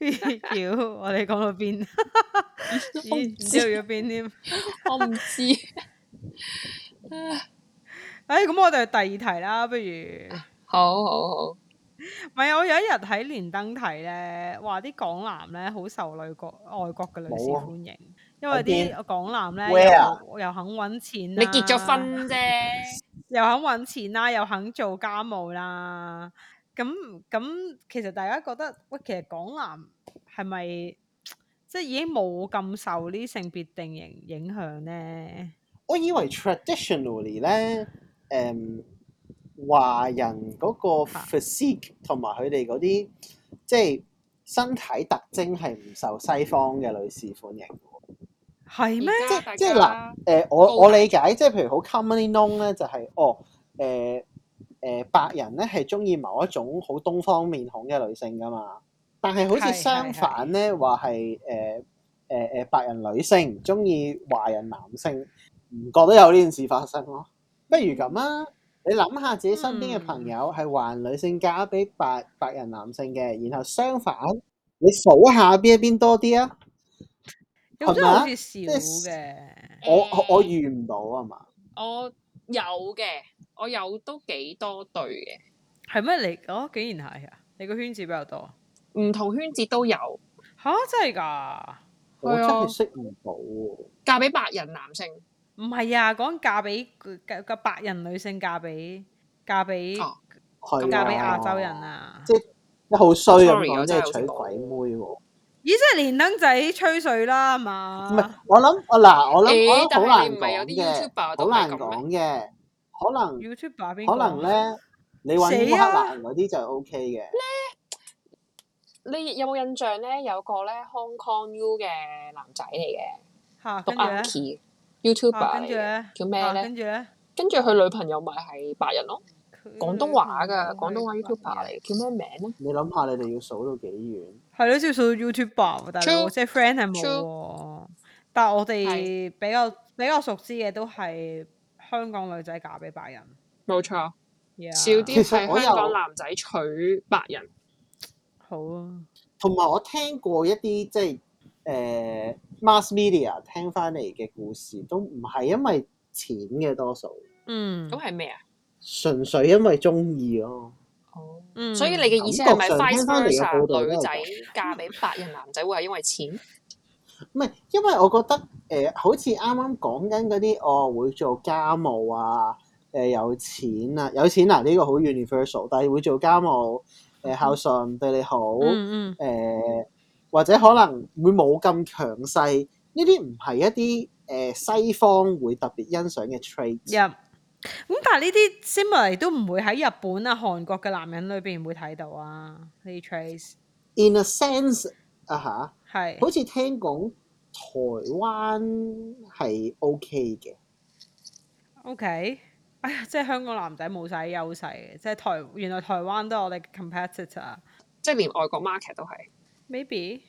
妖 知，我哋講到邊？唔知去咗邊添？我唔知。誒，咁、哎、我哋第二題啦，不如好好好，唔係 我有一日喺連登睇咧，話啲港男咧好受女國外國嘅女士歡迎，啊、因為啲港男咧裡又又肯揾錢，你結咗婚啫，又肯揾錢啦、啊 啊，又肯做家務啦、啊，咁咁其實大家覺得喂，其實港男係咪即係已經冇咁受呢性別定型影響咧？我以為 traditionally 咧。誒、嗯、華人嗰個 physique 同埋佢哋嗰啲即係身體特徵係唔受西方嘅女士歡迎嘅，係咩？即即嗱誒，我我理解即係譬如好 commonly known 咧、就係，就係哦誒誒、呃呃、白人咧係中意某一種好東方面孔嘅女性㗎嘛，但係好似相反咧話係誒誒誒白人女性中意華人男性，唔覺得有呢件事發生咯。不如咁啊，你諗下自己身邊嘅朋友係華人女性嫁咗俾白白人男性嘅，然後相反，你數下邊一邊多啲啊？有啲好似少嘅。我我我遇唔到啊嘛。我，我，我有嘅，我有都幾多對嘅。係咩嚟？哦，竟然係啊！你個圈子比較多，唔同圈子都有。吓，真係噶？我真係識唔到。嫁俾白人男性。唔係啊，講嫁俾個白人女性嫁俾嫁俾、啊啊、嫁俾亞洲人啊！即係好衰啊，即係娶鬼妹喎！咦，即係連登仔吹水啦，係嘛？唔係，我諗我嗱，我諗好、欸、難講嘅，好難講嘅，可能 YouTube 誰可能咧，你揾烏克蘭嗰啲就 OK 嘅。啊、你有冇印象咧？有個咧 Hong Kong U 嘅男仔嚟嘅，讀、啊 YouTuber 跟住嘅叫咩咧？跟住佢、啊、女朋友咪係白人咯，廣東話噶廣東話 YouTuber 嚟，叫咩名咧？你諗下，你哋要數到幾遠？係咯，即係數到 YouTuber，但係即係 friend 係冇。True. 但係我哋比較 True.、哦、比較熟知嘅都係香港女仔嫁俾白人，冇錯。少啲係香港男仔娶白人，好啊。同埋我聽過一啲即係。誒、uh, mass media 聽翻嚟嘅故事都唔係因為錢嘅多數，嗯，咁係咩啊？純粹因為中意咯。哦，所以你嘅意思係咪？嗯、聽翻嚟、嗯、女仔嫁俾白人男仔會係因為錢？唔係，因為我覺得誒、呃，好似啱啱講緊嗰啲，我、哦、會做家務啊，誒、呃、有錢啊，有錢啊，呢、呢個好 universal，但係會做家務，誒孝順對你好，嗯嗯，嗯嗯或者可能會冇咁強勢，呢啲唔係一啲誒、呃、西方會特別欣賞嘅 traits。咁、yep. 嗯、但係呢啲 similar 都唔會喺日本啊、韓國嘅男人裏邊會睇到啊呢啲 traits。Tra In a sense，啊嚇，係是。好似聽講台灣係 OK 嘅。OK，哎呀，即係香港男仔冇晒優勢嘅，即係台原來台灣都係我哋 competitor，即係連外國 market 都係。Maybe，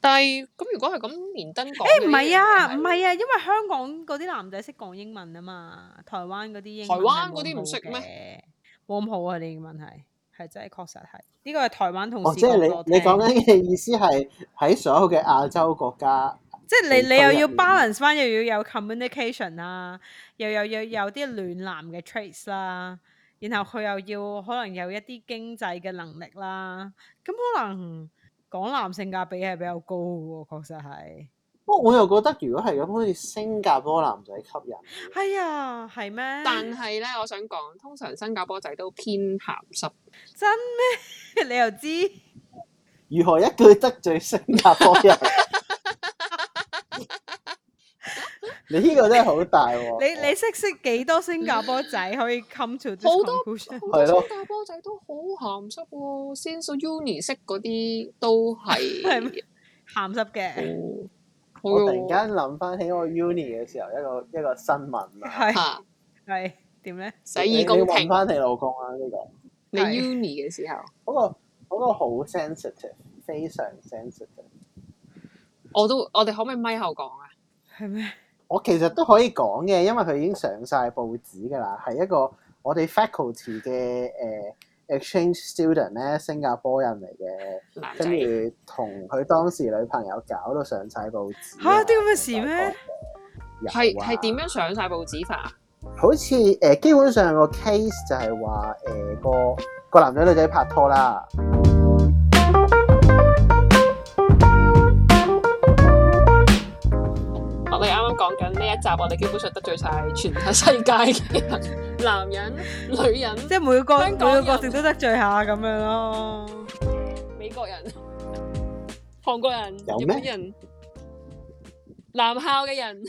但係咁如果係咁連登講，誒唔係啊唔係是啊，因為香港嗰啲男仔識講英文啊嘛，台灣嗰啲英文，台灣嗰啲唔識咩？冇咁好啊！你個問題係真係確實係呢個係台灣同事、哦。即係你你講緊嘅意思係喺所有嘅亞洲國家，即係你你又要 balance 返，又要有 communication 啦、啊，又，又要有有有啲暖男嘅 traces、啊、啦，然後佢又要可能有一啲經濟嘅能力啦、啊，咁可能、啊。港男性價比係比較高喎，確實係。不過我又覺得，如果係咁，好似新加坡男仔吸引。哎呀，係咩？但係咧，我想講，通常新加坡仔都偏鹹濕。真咩嗎？ 你又知？如何一句得罪新加坡人？ 你呢個真係好大喎！你你識識幾多新加坡仔可以 come to 好多好多新加坡仔都好鹹濕喎！先到 uni 識嗰啲都係鹹濕嘅。我突然間諗翻起我 uni 嘅時候，一個一個新聞是啊，係點咧？洗耳恭聽。你要問翻你老公啊？呢個你 uni 嘅時候，嗰個嗰個好 sensitive，非常 sensitive。我都我哋可唔可以咪後講啊？係咩？我其實都可以講嘅，因為佢已經上晒報紙㗎啦，係一個我哋 faculty 嘅誒、呃、exchange student 咧，新加坡人嚟嘅，生跟住同佢當時女朋友搞到上晒報紙。嚇哈！啲咁嘅事咩？係係點樣上晒報紙法啊？好似誒、呃，基本上個 case 就係話誒個個男仔女仔拍拖啦。講緊呢一集，我哋基本上得罪晒全世界嘅人，男人、女人，即係每個每個角色都得罪下咁樣咯。美國人、韓國人、日本人、男校嘅人，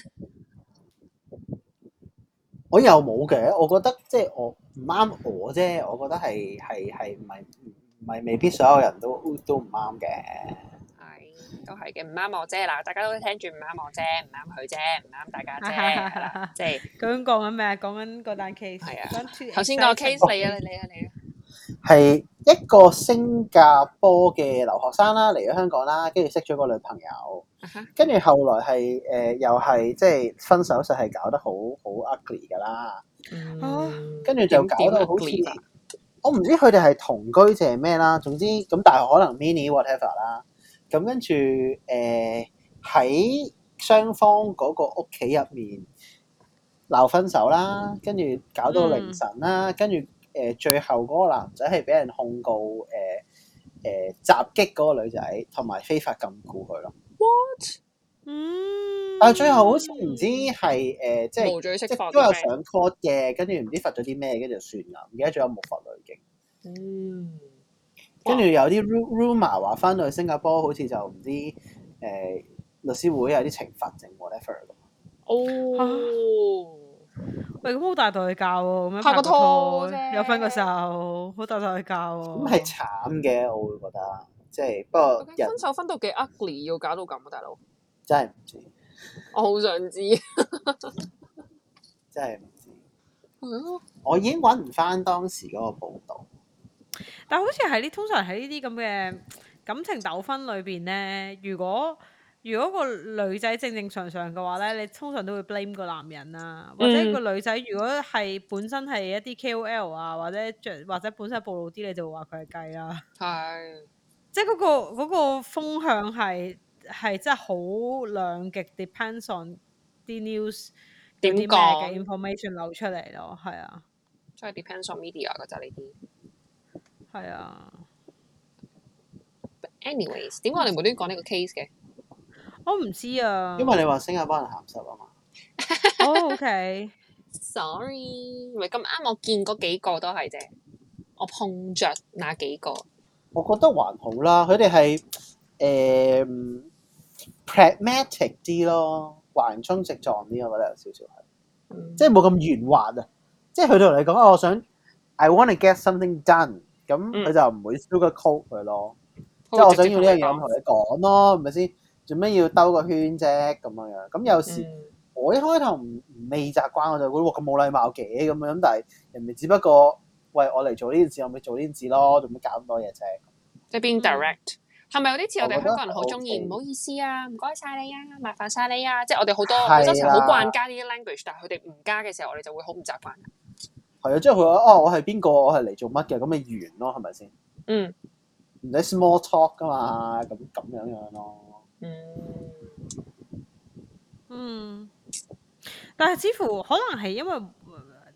我又冇嘅。我覺得即係我唔啱我啫，我覺得係係係唔係唔係未必所有人都都唔啱嘅。都係嘅，唔啱我啫嗱，大家都聽住唔啱我啫，唔啱佢啫，唔啱大家啫，即係。講緊咩啊？講緊單 case。係啊，頭先個 case 嚟啊，你啊，你啊。係一個新加坡嘅留學生啦，嚟咗香港啦，跟住識咗個女朋友，跟住、uh huh. 後，後來係誒、呃，又係即係分手，uh huh. 就係搞得好好 ugly 噶啦。跟住就搞到好似，我唔知佢哋係同居定係咩啦。總之咁，大學可能 mini whatever 啦。咁跟住誒喺雙方嗰個屋企入面鬧分手啦，跟住搞到凌晨啦，嗯、跟住誒、呃、最後嗰個男仔係俾人控告誒誒、呃呃、襲擊嗰個女仔，同埋非法禁錮佢咯。What？嗯。但最後好似唔知係誒、呃、即係即係都有上 call 嘅，跟住唔知罰咗啲咩，跟住就算啦。而家仲有冇法兩警？嗯。跟住有啲 rumour 話翻到去新加坡好似就唔知誒、呃、律師會有啲懲罰定 whatever 噶。哦、oh, 啊，喂，咁好大代價喎！拍過拖，ato, OK、有分過手，好大代價喎。咁係慘嘅，我會覺得，即、就、係、是、不過人分手分到幾 ugly，要搞到咁啊，大佬！真係唔知。 我好想知。 真係唔知。嗯。 我已經揾唔翻當時嗰個報導。但好似喺呢，通常喺呢啲咁嘅感情糾紛裏邊咧，如果如果個女仔正正常常嘅話咧，你通常都會 blame 個男人啦、啊，嗯、或者個女仔如果係本身係一啲 KOL 啊，或者著或者本身暴露啲，你就話佢係雞啦。係的，即係嗰個嗰個風向係係真係好兩極，depends on 啲 news 點講嘅 information 流出嚟咯，係啊，即係、so、depends on media 嘅就呢啲。係啊 But，anyways，點解我哋無端端講呢個 case 嘅？我唔知啊。因為你話新加坡人鹹濕啊嘛。OK，sorry，咪咁啱，我見嗰幾個都係啫。我碰着那幾個，我覺得還好啦。佢哋係誒 pragmatic 啲咯，橫衝直撞啲，我覺得有少少、嗯，即係冇咁圓滑啊。即係佢對你講啊，我想 I want to get something done。咁佢、嗯、就唔會 sugarcoat 佢咯，嗯、即係我想要呢樣嘢，我同你講咯，係咪先？做咩要兜個圈啫？咁樣樣咁有時、嗯、我一開頭唔未習慣，我就覺得咁冇禮貌嘅咁咁。但係人哋只不過喂我嚟做呢件事，我咪做呢件事咯，做咩搞咁多嘢啫？即係 being direct 係咪、嗯、有啲似我哋香港人好中意唔好意思啊，唔該晒你啊，麻煩晒你啊、啊、你啊！即係我哋好多好的多時候好慣加啲 language，但係佢哋唔加嘅時候，我哋就會好唔習慣。係啊，即係佢話哦，我係邊個？我係嚟做乜嘅，咁咪完咯，係咪先？嗯，唔使 small talk 噶嘛，咁咁樣樣咯。嗯，mm. 嗯，但係似乎可能係因為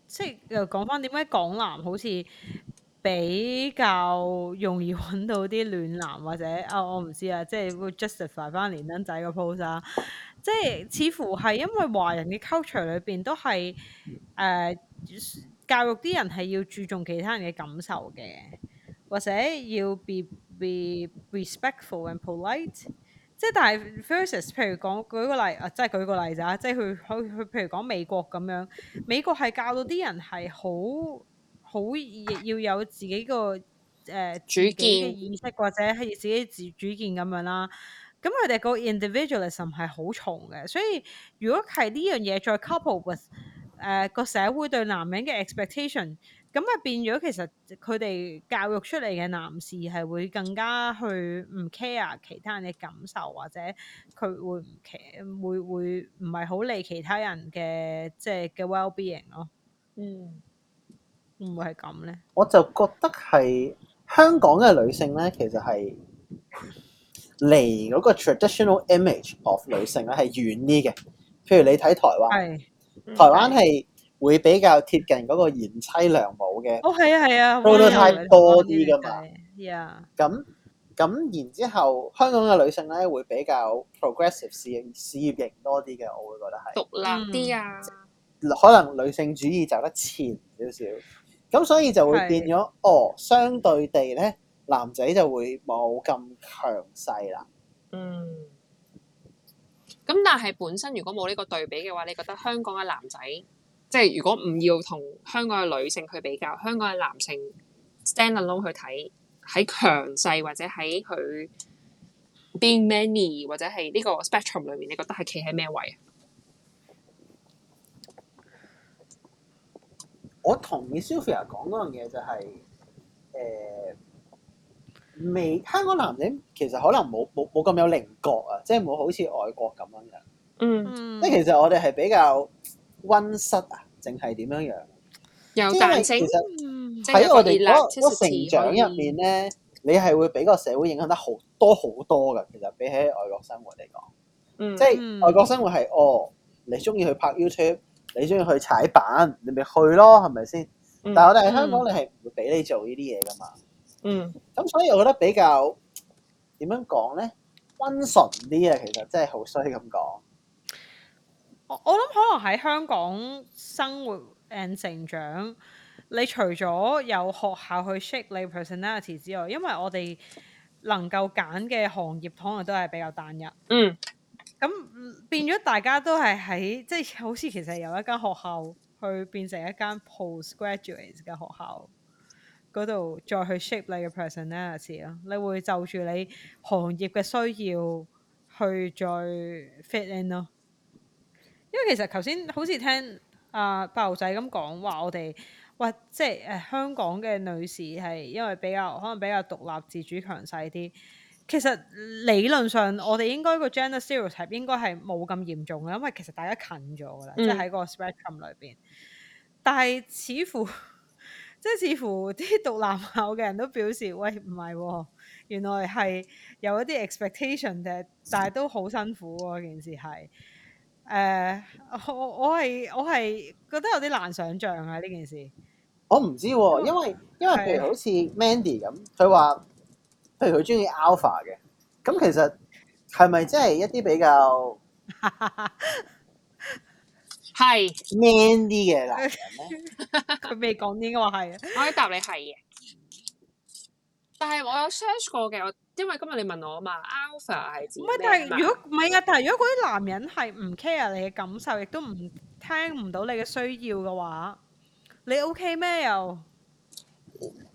即係又講翻點解港男好似比較容易揾到啲暖男或者啊、哦，我唔知啊，即係會 justify 翻連登仔個 pose 啊，即係似乎係因為華人嘅 culture 裏邊都係誒。呃教育啲人係要注重其他人嘅感受嘅，或者要 be be respectful and polite。即係但係 versus，譬如講舉個例，啊，即係舉個例子啊，即係佢佢佢譬如講美國咁樣，美國係教到啲人係好好要有自己個誒主見嘅意識，或者係自己主主見咁樣啦。咁佢哋個 individualism 係好重嘅，所以如果係呢樣嘢再 couple with 誒個社會對男人嘅 expectation，咁啊變咗其實佢哋教育出嚟嘅男士係會更加去唔 care 其他人嘅感受，或者佢會唔 care 會會唔係好理其他人嘅即係嘅 well-being 咯。即係、well being，嗯，會唔會係咁咧？我就覺得係香港嘅女性咧，其實係離嗰個 traditional image of 女性咧係遠啲嘅。譬如你睇台灣係。台灣係會比較貼近嗰個賢妻良母嘅哦，係啊，係啊，prototype 多啲噶嘛。咁咁、啊啊、然之後，香港嘅女性咧會比較 progressive 事業事業型多啲嘅，我會覺得係獨立啲啊，嗯、可能女性主義走得前少少，咁所以就會變咗、啊、哦，相對地咧，男仔就會冇咁強勢啦。嗯。咁但係本身如果冇呢個對比嘅話，你覺得香港嘅男仔，即係如果唔要同香港嘅女性去比較，香港嘅男性 standalone 去睇喺強勢或者喺佢 being many 或者係呢個 spectrum 裏面，你覺得係企喺咩位啊？我同意 Sylvia 講嗰樣嘢就係、是，誒、呃。未香港男人其實可能冇冇冇咁有，有，有棱角啊，即係冇好似外國咁樣樣，嗯，即係其實我哋係比較温室啊，定係點樣樣？因為其實喺我哋嗰個嗰個成長入面咧，你係會俾個社會影響得好多好多噶。其實比起外國生活嚟講，嗯、即係外國生活係、嗯、哦，你中意去拍 YouTube，你中意去踩板，你咪去咯，係咪先？是，是，但係我哋喺香港，你係唔會俾你做呢啲嘢噶嘛。嗯，咁所以我覺得比較點樣講呢？温順啲啊，其實真係好衰咁講。我我諗可能喺香港生活 and 成長，你除咗有學校去 shape 你 personality 之外，因為我哋能夠揀嘅行業，可能都係比較單一。嗯，咁變咗大家都係喺即係好似其實由一間學校去變成一間 postgraduate 嘅學校。嗰度再去 shape 你嘅 personality 咯，你會就住你行業嘅需要去再 fit in 咯、哦。因為其實頭先好似聽阿、啊、八號仔咁講話，我哋喂即係誒、呃、香港嘅女士係因為比較可能比較獨立自主強勢啲。其實理論上我哋應該個 gender stereotype 應該係冇咁嚴重嘅，因為其實大家近咗噶啦，嗯、即係喺個 spectrum 裏邊，但係似乎。即係似乎啲讀男校嘅人都表示，喂唔係、哦，原來係有一啲 expectation 嘅，但係都好辛苦、哦。件事係，誒，我我係我係覺得有啲難想象啊呢件事。我唔知、啊，因為因為譬如好似 Mandy 咁，佢話譬如佢中意 Alpha 嘅，咁的其實係咪即係一啲比較？ 係 man 啲嘅男人咧？佢未講啲嘅話係， 我可以答你係嘅。但係我有 search 過嘅，我因為今日你問我啊嘛，Alpha 係點？唔係，但係如果唔係啊，但係如果嗰啲男人係唔 care 你嘅感受，亦都唔聽唔到你嘅需要嘅話，你 OK 咩又？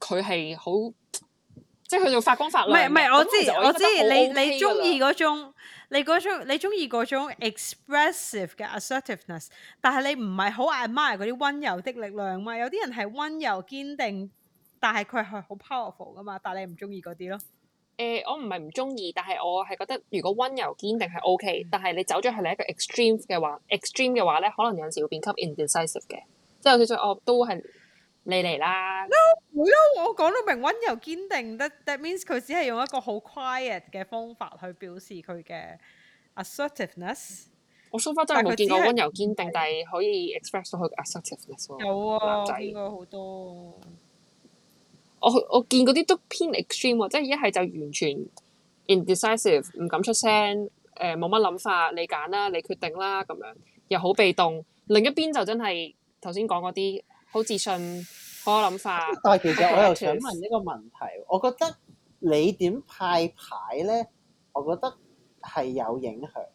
佢係好，即係佢就發光發亮。唔係唔係，我知我知、OK、我知，你你中意嗰種，你嗰種你中意嗰種 expressive 嘅 assertiveness，但係你唔係好 admire 嗰啲温柔的力量嘛？有啲人係温柔堅定，但係佢係好 powerful 噶嘛，但係你唔中意嗰啲咯。誒、呃，我唔係唔中意，但係我係覺得如果温柔堅定係 OK、嗯、但係你走咗去另一個 extreme 嘅話，extreme 嘅話咧，可能有時會變吸 indecisive 嘅，即係其實我都係。你嚟啦？No，唔好啦，no, no, 我講到明温柔堅定 That means 佢只係用一個好 quiet 嘅方法去表示佢嘅 assertiveness。我 so far 真係冇見過温柔堅定，但係可以 express 到佢嘅 assertiveness、哦。有啊仔，見過好多。我我見嗰啲都偏 extreme，即係一係就完全 indecisive，唔敢出聲，誒冇乜諗法，你揀啦，你決定啦咁樣，又好被動。另一邊就真係頭先講嗰啲。好自信，我有諗法。但係其實我又想問一個問題， 我覺得你點派牌咧？我覺得係有影響，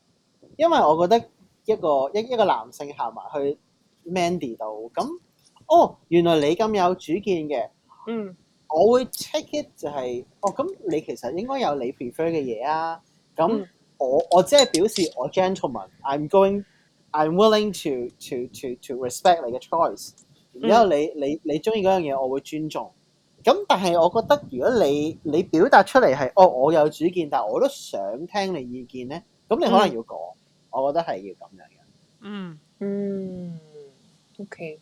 因為我覺得一個一一個男性行埋去 Mandy 度咁哦，原來你咁有主見嘅。嗯，我會 check it 就係、是、哦。咁你其實應該有你 prefer 嘅嘢啊。咁、嗯、我我即係表示我 gentleman，I'm going，I'm willing to, to to to respect 你嘅 choice。之後你你你中意嗰樣嘢，我會尊重。咁但係我覺得，如果你你表達出嚟係哦，我有主見，但係我都想聽你意見咧。咁你可能要講，嗯、我覺得係要咁樣嘅、嗯。嗯嗯，OK，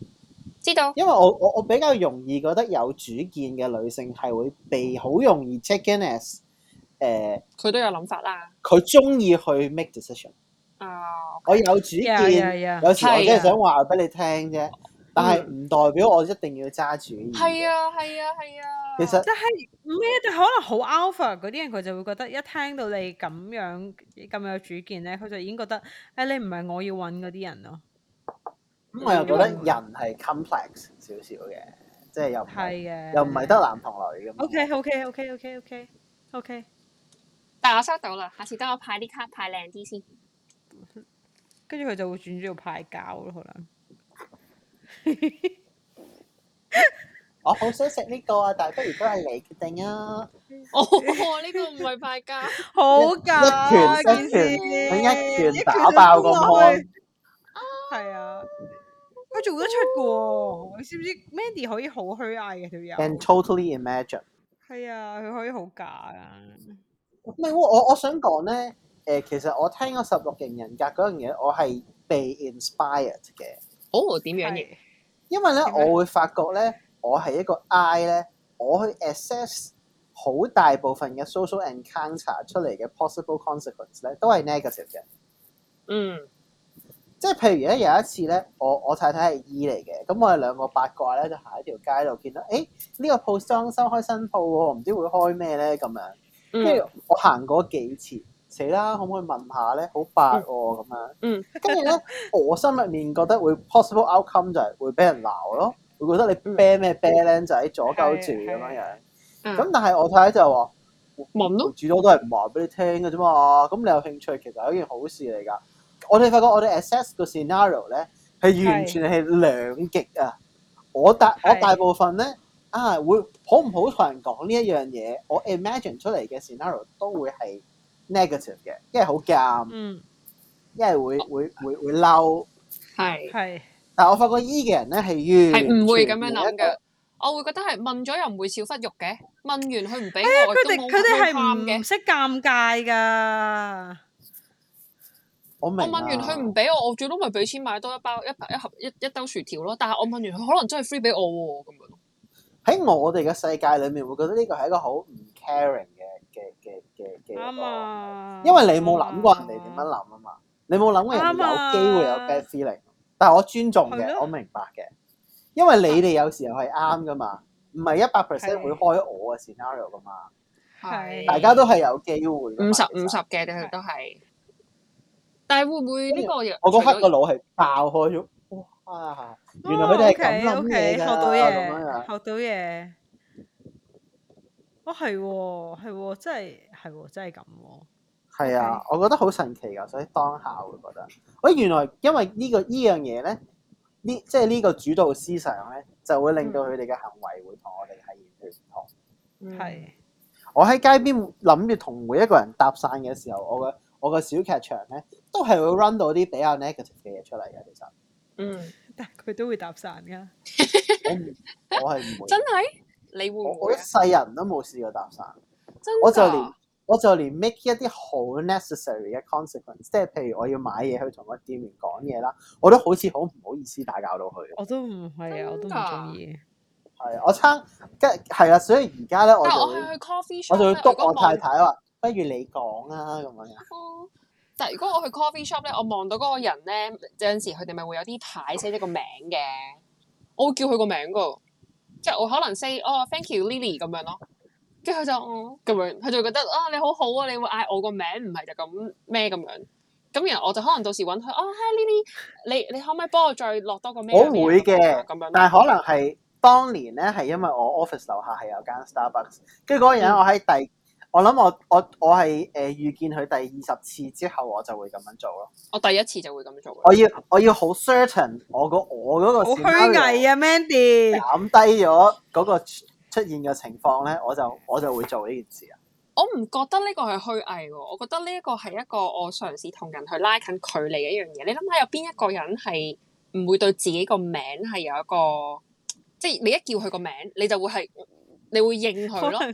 知道。因為我我我比較容易覺得有主見嘅女性係會被好容易 c h e c k n e、呃、s 誒，佢都有諗法啦。佢中意去 make decision。哦，okay。我有主見，yeah, yeah, yeah。有時我真係想話俾你聽啫的。Yeah. 但係唔代表我一定要揸住。係啊，係啊，係啊。其實，但係咩？但可能好 alpha 嗰啲人，佢就會覺得一聽到你咁樣咁有主見咧，佢就已經覺得，誒、哎、你唔係我要揾嗰啲人咯。咁、嗯、我又覺得人係 complex 少少嘅，即係又係嘅又唔係得男同女咁。OK，OK，OK，OK，OK，OK。Okay, okay, okay, okay, okay. Okay. 但我收到啦，下次等我派啲 card 派靚啲先。跟住佢就會轉咗要派膠咯，可能。我好想食呢個啊，但不如都係你決定啊！我呢個唔係派家，好假！一拳一拳，一拳打爆個開。係啊，佢做得出噶？你知唔知 Mandy 可以好虛偽嘅條人？And totally imagine。係啊，佢可以好假啊！唔係我我想講咧，誒，其實我聽過十六型人格嗰樣嘢，我係被 inspired 嘅。哦，點樣嘢？因為咧，我會發覺咧，我係一個 I 咧，我去 assess 好大部分嘅 social encounter 出嚟嘅 possible consequence 咧，都係 negative 嘅。嗯，即係譬如咧，有一次咧，我我太太係 E 嚟嘅，咁我哋兩個八卦咧，就行一條街度見到，誒呢個鋪裝修開新鋪喎，唔知會開咩咧咁樣，嗯、即係我行過幾次。死啦！可唔可以問下咧？好白喎、啊、咁樣。嗯。跟住咧， 我心入面覺得會 possible outcome 就係會俾人鬧咯。會覺得你啤咩啤就喺左交住咁樣嘢。咁、嗯、但係我睇就話、嗯、問咯、啊，住咗都係唔話俾你聽嘅啫嘛。咁你有興趣，其實係一件好事嚟㗎。我哋發覺我哋 assess 個 scenario 咧係完全係兩極啊。的我大我大部分咧啊，會好唔好同人講呢一樣嘢？我 imagine 出嚟嘅 scenario 都會係 negative 嘅，因為好尷，因為會會會會嬲，係係。但係我發覺 E 嘅人咧係冤，係唔會咁樣諗嘅。我會覺得係問咗又唔會少忽肉嘅，問完佢唔俾我，佢都冇乜嘢嘅。唔識尷尬噶。我問完佢唔俾我，我最多咪俾錢買多一包一盒一一兜薯條咯。但係我問完佢，可能真係 free 俾我喎咁樣。喺我哋嘅世界裏面，會覺得呢個係一個好唔 caring。嘅嘅嘅嘅一個，因為你冇諗過人哋點樣諗啊嘛，你冇諗過人哋有機會有 bad feeling，但係我尊重嘅，我明白嘅，因為你哋有時候係啱噶嘛，唔係一百 percent 會開我嘅 scenario 噶嘛，係大家都係有機會，五十五十嘅，佢哋都係，但係會唔會呢個？我嗰刻個腦係爆開咗，哇！原來佢哋係咁諗嘅！啊，學到嘢，學到嘢。哦，係，係，真係，係、嗯，真係咁，係啊！我覺得好神奇噶，所以當下我會覺得，哎，原來因為呢、這個呢樣嘢咧，呢即係呢個主導思想咧，就會令到佢哋嘅行為會同我哋係完全唔同。係，我喺街邊諗住同每一個人搭訕嘅時候，我嘅我嘅小劇場咧，都係會 run 到啲比較 negative 嘅嘢出嚟嘅。其實，嗯，但係佢都會搭訕㗎。我唔，我係唔會。真係？你會唔會？我一世人都冇試過搭訕，我就連我就連 make 一啲好 necessary 嘅 consequence，即係譬如我要買嘢去同個店員講嘢啦，我都好似好唔好意思打攪到佢。我都唔係啊，我都唔中意。係啊，我差跟係啊，所以而家咧，我但我係去 coffee shop，我仲要督我太太話，如不如你講啊咁樣。但係如果我去 coffee shop 咧，我望到嗰個人咧，有陣時佢哋咪會有啲牌寫咗個名嘅，我會叫佢個名噶。即係我可能 say 哦，oh, thank you Lily 咁樣咯，跟住佢就哦咁樣，佢就，oh，就覺得啊，oh, 你好好啊，你會嗌我個名，唔係就咁咩咁樣，咁然後我就可能到時揾佢哦 hi Lily，你你可唔可以幫我再落多個咩？我會嘅，咁樣，但係可能係當年咧，係因為我 office 樓下係有間 Starbucks，跟住嗰個人我喺第。嗯我諗我我我係誒、呃、遇見佢第二十次之後，我就會咁樣做咯。我第一次就會咁樣做。我要我要好 certain 我個我個好虛偽啊，Mandy 減低咗嗰個出現嘅情況咧，我就我就會做呢件事啊。我唔覺得呢個係虛偽，我覺得呢一個係一個我嘗試同人去拉近距離嘅一樣嘢。你諗下有邊一個人係唔會對自己個名係有一個，即係你一叫佢個名，你就會係你會認佢咯。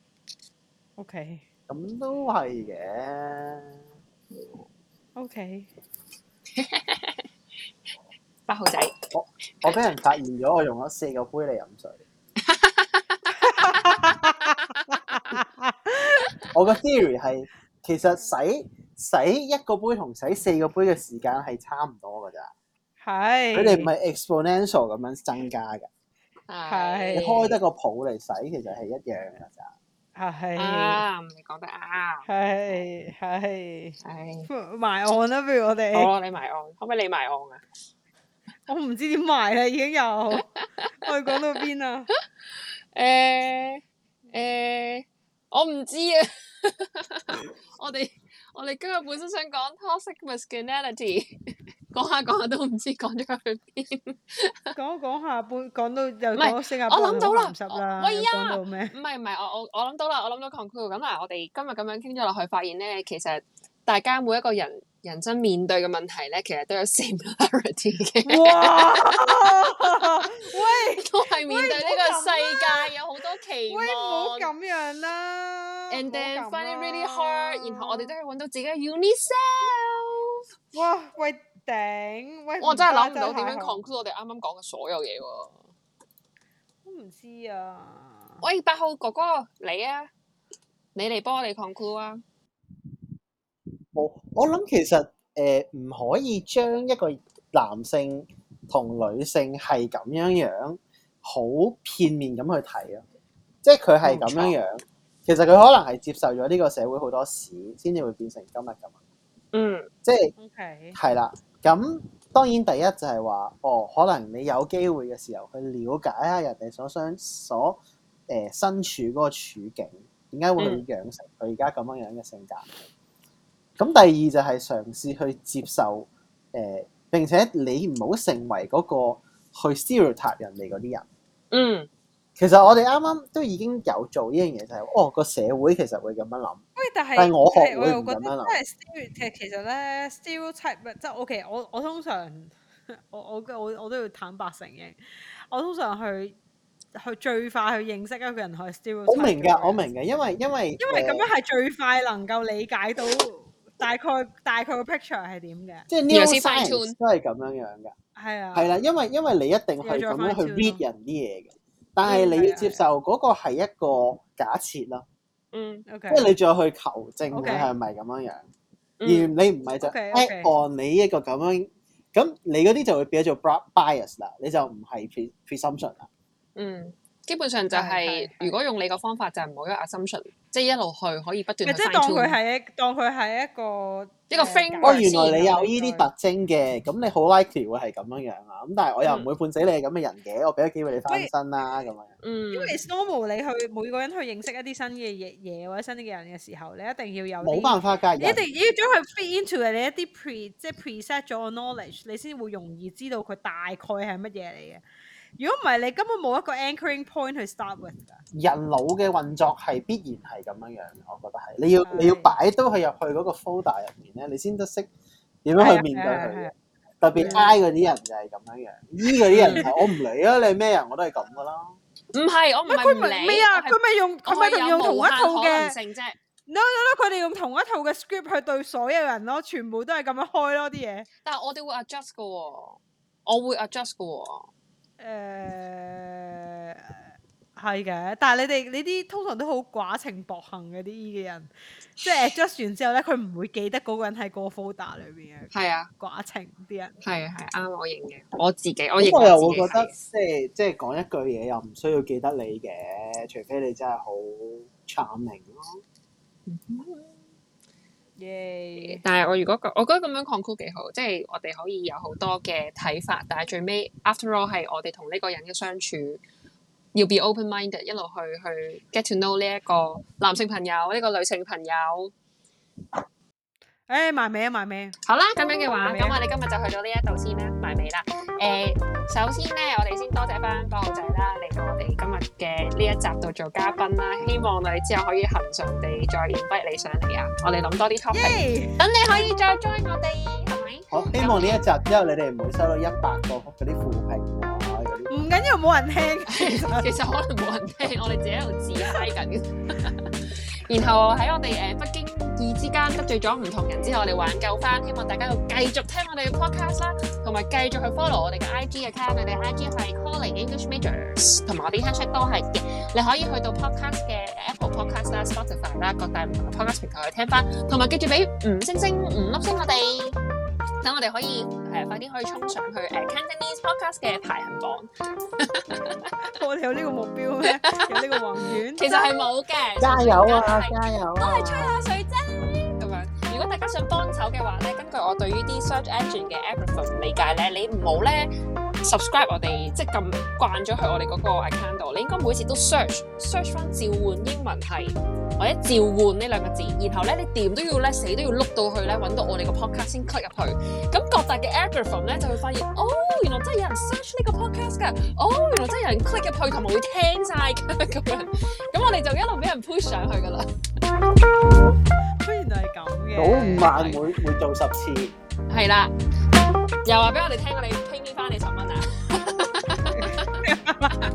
O.K. 咁都係嘅。O.K. 八號仔，我我俾人發現咗，我用咗四個杯嚟飲水。 我個 theory 係其實洗洗一個杯同洗四個杯嘅時間係差唔多噶咋。係是。佢哋唔係 exponential 咁樣增加㗎。係是。你開得個譜嚟洗，其實係一樣㗎咋。係啊，你講得啱，係係係，埋岸啦！不如我哋，我你埋岸，可唔可以你埋岸啊？我唔知點埋啦，已經有，我哋講到邊啊？誒誒，我唔知啊！我哋我哋今日本身想講 toxic masculinity。講下講下都唔知講咗去邊，講講下半講到又講到新加坡嘅垃圾啦，可以啊？唔係唔係，我我我諗到啦，我諗到 conclude。咁啊，我哋今日咁樣傾咗落去，發現咧，其實大家每一個人人生面對嘅問題咧，其實都有 similarity 嘅。哇！喂，都係面對呢個世界有好多期望。喂，唔好咁樣啦。And then find it really hard。然後我哋都係揾到自己嘅 unique self。哇！喂。頂，喂，我真係諗唔到點樣 conclude 我哋啱啱講嘅所有嘢喎。我唔知啊。知啊喂，八號哥哥，你啊，你嚟幫我哋 conclude 啊。冇，我諗其實誒唔、呃、可以將一個男性同女性係咁樣樣，好片面咁去睇啊。即係佢係咁樣樣，冇錯。其實佢可能係接受咗呢個社會好多事，先至會變成今日噶。嗯，即係，係啦 Okay.。咁當然第一就係話，哦，可能你有機會嘅時候去了解一下人哋所想所誒、呃、身處嗰個處境，點解會養成佢而家咁樣樣嘅性格。咁、嗯、第二就係嘗試去接受誒、呃，並且你唔好成為嗰個去 stereotype 人哋嗰啲人。嗯。其實我哋啱啱都已經有做呢樣嘢，就係、是、哦個社會其實會咁樣諗。喂是，但係但我學會咁樣諗。真係其實咧，stereotype 即係我其實我其實 okay, 我，我通常我我我都要坦白承認，我通常去去最快去認識一個人去 stereotype。我明嘅，我明嘅，因為因為因為咁樣係最快能夠理解到大概 大概個 picture 係點嘅。即係呢 new science 都係咁樣樣㗎。係啊。係啦，因為因為你一定係咁樣去 read 人啲嘢嘅。但係你要接受嗰個係一個假設咯，嗯，即、okay, 係你仲要去求證你係咪咁樣樣，okay, 而你唔係就 okay, okay, 按你一個咁樣，咁你嗰啲就會變做 bias 啦，你就唔係 presumption 啦，嗯。基本上就係、是，是是是如果用你個方法就唔好有 assumption，即係一路去可以不斷。即係當佢係一當佢係一個一個 thing。哦，原來你有呢啲特徵嘅，咁對你好 likely 會係咁樣樣啊。咁但係我又唔會判死你係咁嘅人嘅，我俾咗機會你翻身啦咁樣。嗯，樣因為 normal 你，你去每個人去認識一啲新嘅嘢或者新嘅人嘅時候，你一定要有冇辦法介入？你一定要將佢 fit into 你一啲 pre 即係 preset 咗嘅 knowledge，你先會容易知道佢大概係乜嘢嚟嘅。如果唔係，你根本冇一個 anchoring point 去 start with 噶、啊。人腦嘅運作係必然係咁樣樣，我覺得係。你要的你要擺到佢入去嗰個 folder 入面咧，你先得識點樣去面對佢嘅。特別 I 嗰啲人就係咁樣樣，E 嗰啲人 我唔理啊。你咩人我都係咁嘅咯。唔係我唔係佢唔理啊！佢咪用佢咪用，用，用同一套嘅？你你覺得佢哋用同一套嘅 script 去對所有人咯，全部都係咁樣開咯啲嘢。但係我哋會 adjust 嘅喎、哦，我會 adjust 嘅喎、哦。誒係嘅，但係你哋呢啲通常都好寡情薄倖嘅啲嘅人， 即係 address 完之後咧，佢唔會記得嗰個人喺個 folder 裏面嘅。係啊，寡情啲人係係啱，我認嘅。我自己我亦我又會覺得，即係即係講一句嘢又唔需要記得你嘅，除非你真係好 charming 咯。Yeah. 但係我如果我覺得咁樣 conclude 幾好，即係我哋可以有好多嘅睇法，但係最尾 after all 係我哋同呢個人嘅相處，要 be open minded 一路去去 get to know 呢一個男性朋友呢個女性朋友。誒，埋尾啊，埋尾！好啦，咁樣嘅話，咁了我哋今日就去到呢一度先啦，埋尾啦。誒、呃，首先咧，我哋先多謝翻八號仔啦，嚟到我哋今日嘅呢一集度做嘉賓啦。希望你之後可以恒常地再連翻你上嚟啊！我哋諗多啲 topic，等 Yeah! 你可以再追我哋，係咪？好，嗯、希望呢一集之後你哋唔會收到一百個嗰啲負評啊啲。唔緊要，冇人聽， 其實可能冇人聽，我哋自己喺度自嗨緊然後喺我哋誒北京。之間得罪咗唔同人之後，我哋挽救翻，希望大家要繼續聽我哋嘅 podcast 啦，同埋繼續去 follow 我哋嘅 IG 嘅 account，我哋 IG 係 Calling English Majors，同埋我啲 hashtag 都係嘅。你可以去到 podcast 嘅 Apple Podcast 啦、Spotify 啦、各大唔同嘅 podcast 平台去聽翻，同埋記住俾五星星、五粒星我哋，等我哋可以誒、呃、快啲可以衝上去誒 Cantonese Podcast 嘅排行榜。我哋有呢個目標咩？ 有呢個宏願？其實係冇嘅。加油啊！是加油、啊都！都係吹下水啫～如果大家想幫手嘅話咧，根據我對於呢啲 search engine 嘅 algorithm 理解咧，你唔好咧。subscribe 我哋即係撳慣咗去我哋嗰個 account 度，你應該每次都 search search 翻，召喚英文系或者召喚呢兩個字，然後咧你點都要咧死都要碌到去咧，搵到我哋個 podcast 先 click 入去。咁各大嘅 algorithm 咧就會發現，哦原來真係有人 search 呢個 podcast 噶哦原來真係有人 click 入去，同埋會聽晒嘅咁樣，咁我哋就一路俾人 push 上去噶啦。咁然 來係咁嘅。早五晚會會做十次。係啦，又話俾我哋聽，你拼翻你十蚊啊！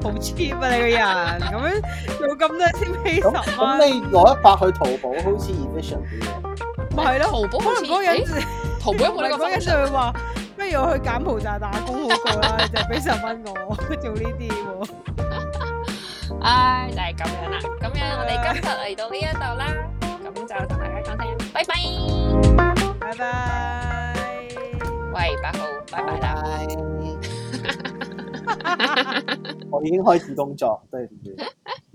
好 cheap 啊你個人，咁樣做咁多先拼十蚊。咁咁你攞一發去淘寶，好似而家上邊。唔係啦，淘寶可能嗰人，淘寶冇你嗰人就會話，不如我去柬埔寨打工好過啦，就俾十蚊我做呢啲。唉，就係咁樣啦。咁樣我哋今日嚟到呢一度啦，咁就同大家講聲，拜拜，拜拜。喂，八號，拜拜啦！我已經開始工作，即係點？